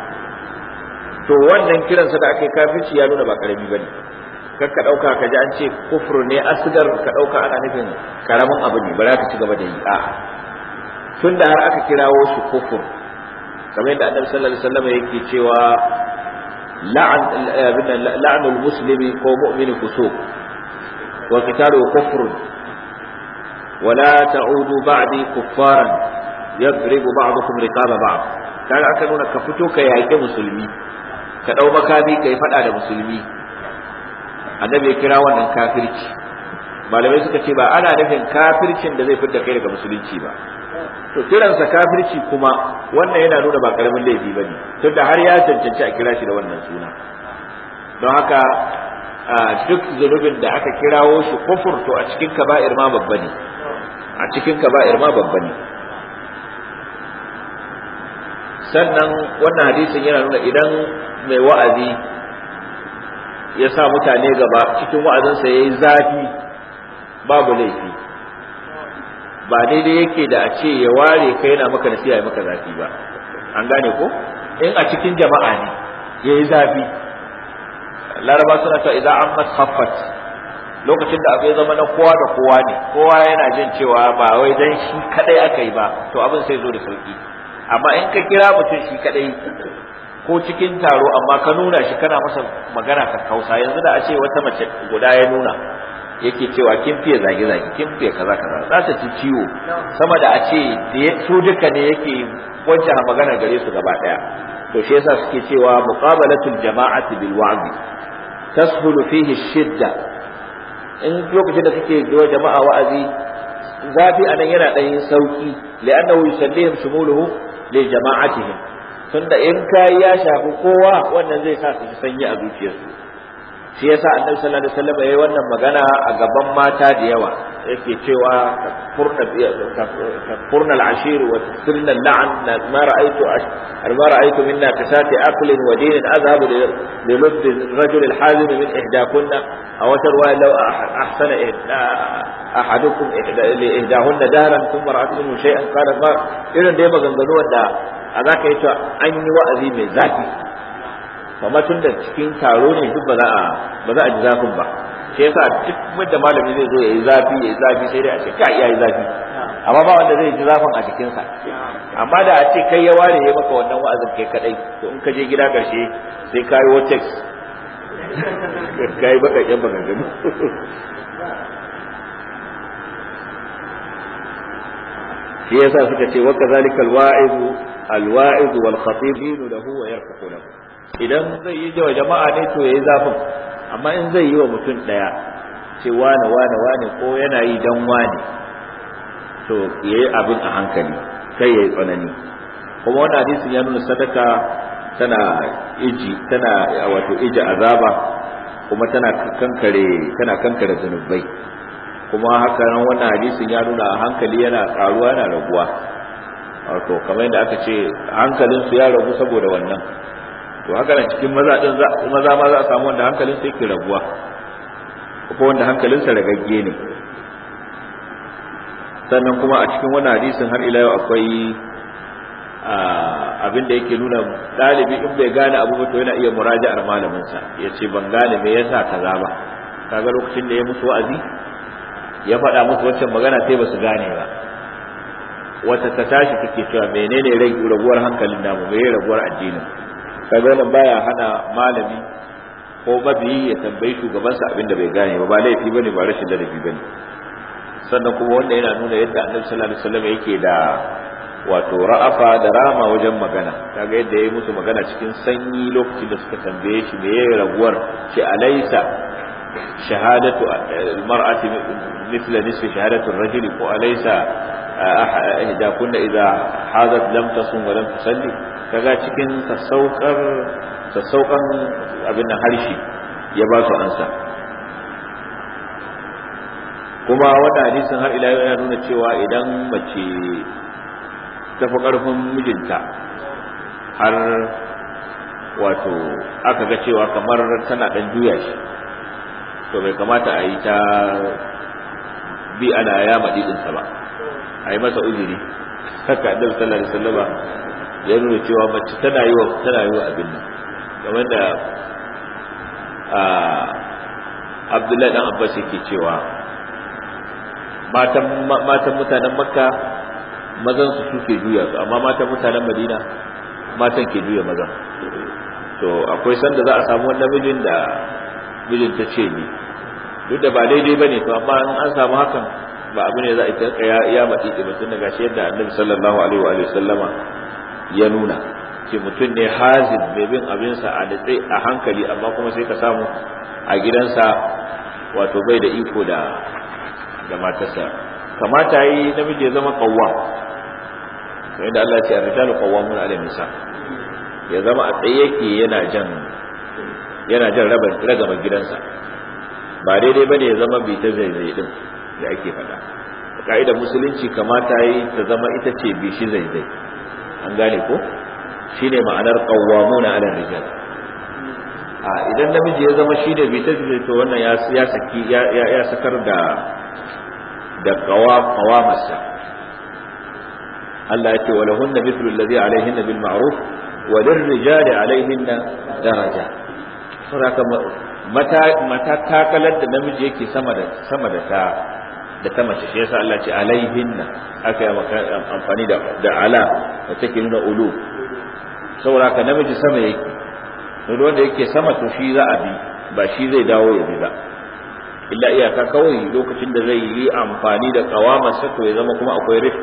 to wannan kiransa da aka yi kafirci ya nuna ba karami ba ne kar ka ɗauka ka ji an ce kufur ne asgar ka ɗauka ana nufin karamin abu ne ba za ka ci gaba da yi a tun da har aka kirawo su kufur kamar yadda annabi sallallahu alaihi wasallam yake cewa la'an la'anul muslimi ko mu'mini fusuq wa qitalu wa la ta'udu ba'di kuffaran yadribu ba'dukum riqaba ba'd kaga aka nuna ka fito ka yaƙi musulmi ka dau makami yi faɗa da musulmi annabi ya kira wannan kafirci malamai suka ce ba ana nufin kafircin da zai fidda kai daga musulunci ba to kiransa kafirci kuma wannan yana nuna ba karamin laifi ba bane tunda har ya cancanci a kira shi da wannan suna don haka duk zunubin da aka kirawo shi kufur to a cikin kaba'ir ma babba ne a cikin kaba'ir ma babba ne sannan wannan hadisin yana nuna idan mai wa'azi ya sa mutane gaba cikin wa'azinsa ya yi zafi babu laifi ba daidai yake da a ce ya ware kai na maka nasiha ya maka zafi ba an gane ko in a cikin jama'a ne ya yi zafi laraba suna ta idan an haffat lokacin da abu ya zama na kowa da kowa ne kowa yana jin cewa ba wai dan shi kadai aka yi ba to abin sai zo da sauki amma in ka kira mutum shi kadai ko cikin taro amma ka nuna shi kana masa magana ka kausa yanzu da a ce wata mace guda ya nuna yake cewa kin fiye zage zage kin fiye kaza kaza za ta ci ciwo sama da a ce su duka ne yake wancan magana gare su gaba daya to shi yasa suke cewa muqabalatul jama'ati bil wa'd tasbulu fihi shidda in lokacin da kake da jama'a wa'azi zafi anan yana dan sauki li'annahu yusallihim shumuluhu li jama'atihim tunda in kayi ya shafi kowa wannan zai sa su sanyi a zuciyarsu shi yasa annabi sallallahu alaihi wasallam yayi wannan magana a gaban mata da yawa yake cewa furna furna al-ashir wa sirna al-la'n ma ra'aytu ma ra'aytu minna kasati aqlin wa dinin azhabu li lubb ar-rajul al-hazim min ihdakunna aw tarwa law ahsana ahadukum li ihdahunna dahran thumma ra'at minhu shay'an qala irin dai maganganu wanda a zaka yi cewa an yi wa'azi mai zafi amma tun da cikin taro ne duk ba za a ba za a ji zafin ba shi yasa duk wanda malami zai zo ya yi zafi ya yi zafi sai dai a ce kai yayi zafi amma ba wanda zai ji zafin a cikin sa amma da a ce kai ya ware ya maka wannan wa'azin kai kadai to in ka je gida karshe sai ka yi text kai baka yan baka gani shi yasa suka ce wa kadhalika alwa'iz alwa'iz wal khatib lahu wa yarkutu lahu idan zai yi wa jama'a ne to yayi zafin amma in zai yi wa mutum daya ce wane wane wane ko yana yi dan wane to yayi abin a hankali kai yayi tsanani kuma wannan hadisin ya nuna sadaka tana iji tana wato iji azaba kuma tana kankare tana kankare zunubai kuma haka nan wannan hadisin ya nuna hankali yana karuwa yana raguwa wato kamar yadda aka ce hankalin su ya ragu saboda wannan to haka nan cikin maza din za maza ma za a samu wanda hankalin sai ke rabuwa ko wanda hankalinsa ragagge ne sannan kuma a cikin wani hadisin har ila yau akwai abin da yake nuna Dalibi in bai gane abu to yana iya muraja'ar malaminsa ya ce ban gane me yasa kaza ba kaga lokacin da ya musu wa'azi ya faɗa musu waccan magana sai basu gane ba wata ta tashi take cewa menene rai raguwar hankalin namu me raguwar addinin kaga baya hana malami ko mabiyi ya tambayi shugabansa abin da bai gane ba ba laifi bane ba rashin ladabi bane sannan kuma wanda yana nuna yadda annabi sallallahu alaihi wasallam yake da wato ra'afa da rama wajen magana kaga yadda yayi musu magana cikin sanyi lokacin da suka tambaye shi me yayi raguwar ce alaysa shahadatu almar'ati mithla nisfi shahadatu ar rajul ko alaysa ah, ah, ihda kunna idha hadat lam tasum wa lam tusalli kaga cikin sassauƙan abin nan harshe ya ba su ansa kuma wata hadisin har ila yana nuna cewa idan mace ta fi ƙarfin mijinta har wato aka ga cewa kamar tana ɗan juya shi to bai kamata a yi ta bi ana ya maɗiɗinsa ba a yi masa uzuri haka annabi sallar ya nuna cewa mace tana yi wa tana yi wa abin nan kamar da abdullahi dan abbas yake cewa matan matan mutanen makka mazan su suke juya su amma matan mutanen madina matan ke juya mazan to akwai sanda za a samu wani namijin da mijin ta ce ni duk da ba daidai ba ne to amma in an samu hakan ba abu ne za a ita ya matsi ba tun daga shi yadda annabi sallallahu alaihi wa sallama ya nuna ce mutum ne hazin mai bin abinsa a datse a hankali amma kuma sai ka samu a gidansa wato bai da iko da da matarsa kamata yi namiji ya zama kawwa kamar da Allah ya ce ar-rijalu qawwamun 'ala nisa ya zama a tsaye yake yana jan yana jan ragama gidansa ba daidai bane ya zama bi ta zaizai din da ake faɗa ka'idar musulunci kamata yi ta zama ita ce bishi zaizai an gane ko shine ma'anar qawwamuna 'ala rijal a idan namiji ya zama shine bi ta to wannan ya ya saki ya sakar da da qawam Allah ya ce wa lahunna mithlu alaihin na bil ma'ruf wa alaihin na daraja saboda mata mata takalar da namiji yake sama da sama da ta da ta mace shi yasa Allah ce alaihinna aka yi amfani da da ala da take nuna ulu saboda ka namiji sama yake duk wanda yake sama to shi za a bi ba shi zai dawo ya bi ba illa iyaka kawai lokacin da zai yi amfani da kawamarsa to ya zama kuma akwai rifq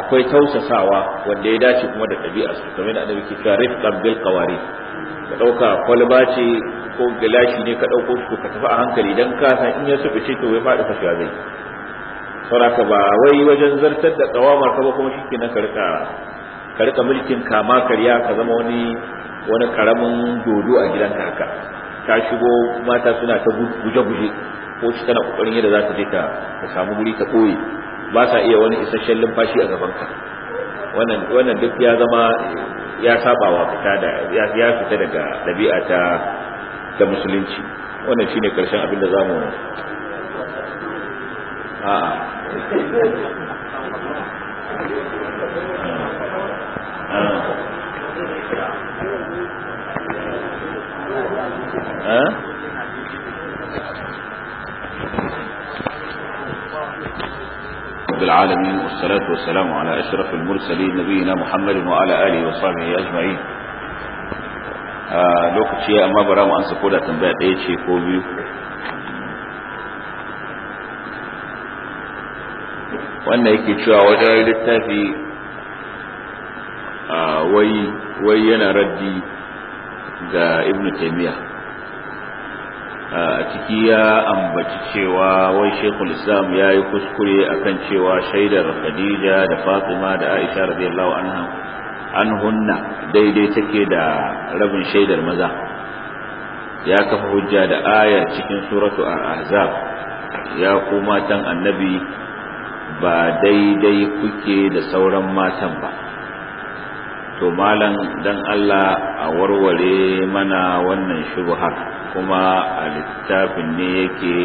akwai tausasawa wanda ya dace kuma da ɗabi'a su kamar da annabi ke cewa rifqan bil qawari ka dauka kwalba ce ko gilashi ne ka ɗauko shi ka tafi a hankali don kasa, in ya suɓuce to bai faɗi fashewa zai sauraka ba wai wajen zartar da tsawamar ka ba kuma shi ke nan ka rika mulkin kama karya ka zama wani wani karamin dodo a gidanka haka ta shigo mata suna ta guje-guje ko shi tana kokarin yadda za ta je ta samu guri ta koyi ba sa iya wani isasshen lumfashi a gabanka wannan wannan duk ya zama ya sabawa fita fita daga ɗabi'a ta da musulunci wannan shine karshen abin da zamu a رب العالمين والصلاة والسلام على أشرف المرسلين نبينا محمد وعلى آله وصحبه أجمعين lokaci amma bara mu ansa da tambaya ɗaya ce ko biyu wannan yake cewa wajen littafi wai wai yana raddi ga ibnu taimiya a ciki ya ambaci cewa wai shekul islam ya yi kuskure akan cewa shaidar khadija da fatima da aisha radiyallahu anha an hunna daidai take da rabin shaidar maza ya kafa hujja da ayar cikin suratu a ahzab ya ku matan annabi ba daidai kuke da sauran matan ba to malam dan Allah a warware mana wannan shubha kuma a littafin ne yake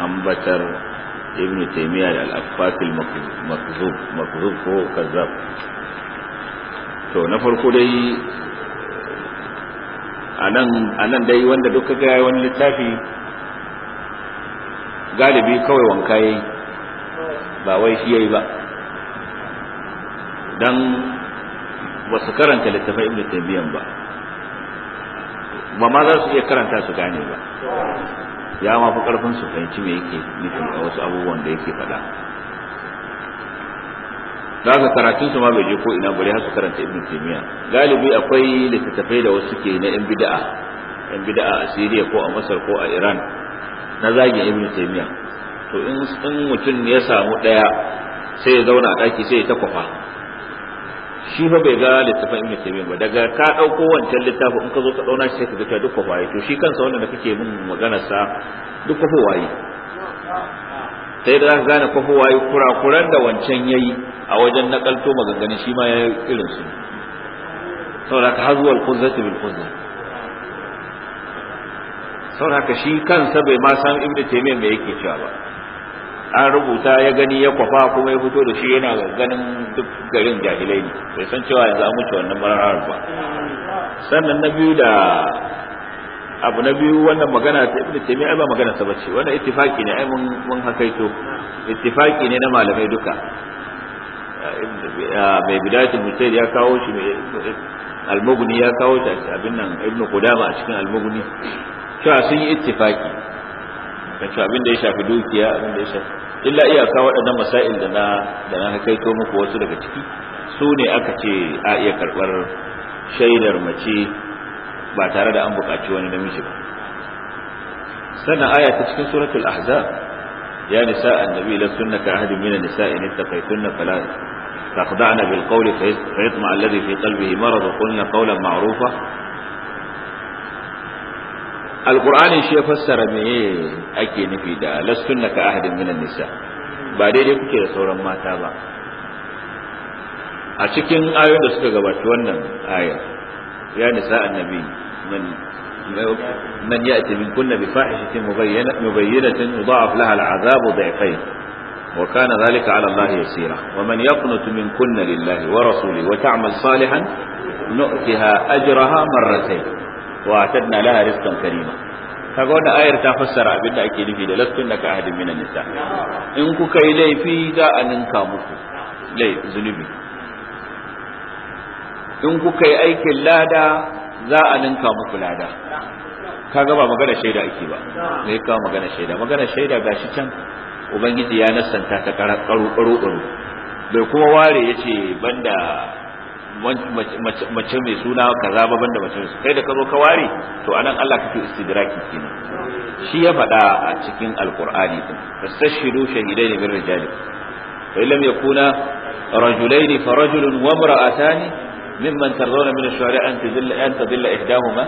ambatar ibn taymiyyah al afaq al-makzub makzub ko kazzab to na farko dai a nan dai wanda duka ga wani littafi galibi kawai wanka yayi ba wai shi yayi ba dan ba su karanta littafai ibnu taymiyyah ba ba ma za su iya karanta su gane ba ya mafi karfin su fahimci me yake nufin a wasu abubuwan da yake faɗa za ka karatun su ma bai je ko ina bare haka karanta ibn taymiya galibi akwai littattafai da wasu ke na yan bid'a yan bid'a a Syria ko a Masar ko a Iran na zage ibn taymiya to in mutum ya samu daya sai ya zauna a daki sai ya takwafa shi fa bai ga littafin ibn taymiyyah ba daga ka dauko wancan littafin in ka zo ka dauna shi sai ka ga duk to shi kansa wannan da kake min magana sa duk waye sai da zaka gane ko waye kurakuran da wancan yayi a wajen nakalto maganganun shi ma yayi irin su saboda ka hazwal quzzati bil quzza saboda ka shi kansa bai ma san ibnu taymiyyah me yake cewa ba an rubuta ya gani ya kwafa kuma ya fito da shi yana ganin duk garin jahilai ne bai san cewa yanzu an mutu wannan marar ba sannan na biyu da abu na biyu wannan magana ta ibnu taymiya ba magana ta bace wannan ittifaki ne ai mun mun hakaito ittifaki ne na malamai duka ah, ah, mai bidatul mujtahid ya kawo shi al-mughni ya kawo shi abin nan ibn qudama a cikin al-mughni cewa sun yi ittifaki da cewa abin da ya shafi dukiya abin da ya shafi illa kawo waɗannan masail da na da na hakaito muku wasu daga ciki su ne aka ce a iya karɓar shaidar mace ba tare da an buƙaci wani namiji ba sannan aya ta cikin suratul ahzab ya nisa annabi la sunna ka ahadin min an-nisa'i in taqaytunna fala taqda'na bil qawli fayatma alladhi fi qalbihi marad qulna qawlan ma'rufa alqur'ani shi ya fassara me ake nufi da la sunna ka ahadin min an-nisa ba daidai kuke da sauran mata ba a cikin ayoyin da suka gabata wannan aya, ya nisa annabi من من يأتي منكن بفاحشة مبينة, مبينة يضاعف لها العذاب ضعفين وكان ذلك على الله يسيرا ومن يقنت منكن لله ورسوله وتعمل صالحا نؤتها أجرها مرتين وأعتدنا لها رزقا كريما kaga wannan ayar ta fassara abin da ake nufi da lastun daga ahadin minan nisa in kuka yi laifi za a ninka muku zunubi in kuka yi aikin lada za a ninka muku lada Ka gaba magana shaida ake ba me ka magana shaida magana shaida gashi can ubangiji ya nasanta ta karu karu bai kuma ware ya ce banda mace mai suna kaza ba banda mace mai kai da ka zo ka ware to anan Allah kake istidraki kenan shi ya faɗa a cikin alqur'ani din shahidai shahidaini min rijalikum fa kuna yakuna rajulaini fa rajulun wa imra'atani mimman tarzawna min ash-shuhada an tadilla an tadilla ihdahuma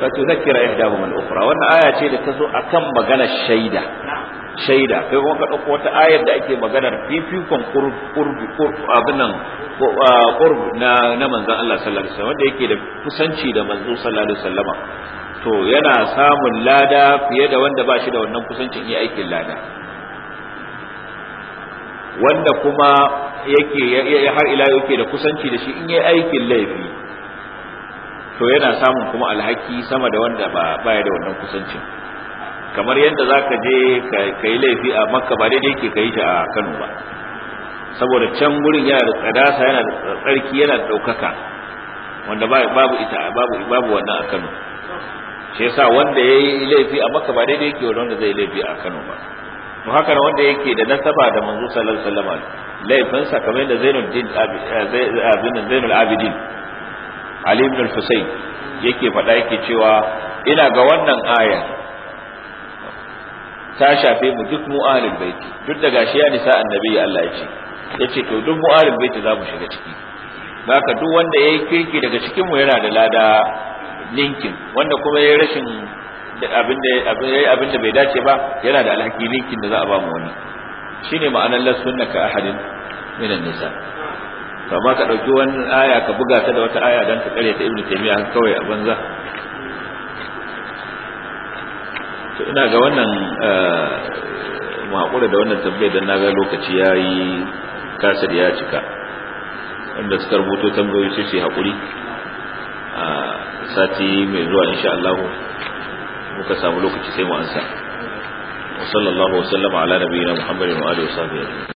fa tudhakkira ihdahuma al-ukhra wannan aya ce da tazo akan maganar shaida shaida kai kuma ka dauko wata ayar da ake maganar fifikon qurbi qurbi abin nan qurbi na na Allah sallallahu alaihi wasallam wanda yake da kusanci da manzon sallallahu alaihi to yana samun lada fiye da wanda ba shi da wannan kusancin iya aikin lada wanda kuma yake har ila yake da kusanci da shi in yi aikin laifi to yana samun kuma alhaki sama da wanda ba baya da wannan kusancin kamar yadda za ka je ka yi laifi a makka ba daidai ke ka yi shi a kano ba saboda can wurin yana da tsadasa yana da tsarki yana da ɗaukaka wanda babu ita babu babu wannan a kano shi yasa wanda ya yi laifi a makka ba daidai yake wanda zai laifi a kano ba to haka wanda yake da nasaba da manzo sallallahu alaihi wasallam laifinsa kamar da eh, eh, zainul abidin ali ibn al-husayn yake faɗa yake cewa ina ga wannan aya ta shafe mu duk mu ahlul baiti duk da gashi ya nisa annabi Allah ya ce yace to duk mu ahlul baiti za mu shiga ciki haka duk wanda yayi kirki daga cikin mu yana da lada linkin wanda kuma yayi rashin abin da abin da bai dace ba yana da alhaki linkin da za a ba mu wani shine ma'anar sunna ka ahadin an nisa to amma ka dauki wannan aya ka buga ta da wata aya dan ka kare ta ibnu taymiya har kawai a banza to ina ga wannan eh, mu da wannan tambayar dan ga lokaci yayi kasar ya cika wanda suka rubuto tambayoyi sai su hakuri a ah, sati mai zuwa insha Allah muka samu lokaci sai mu ansa wa sallallahu wa sallama ala nabiyina muhammadin wa alihi wa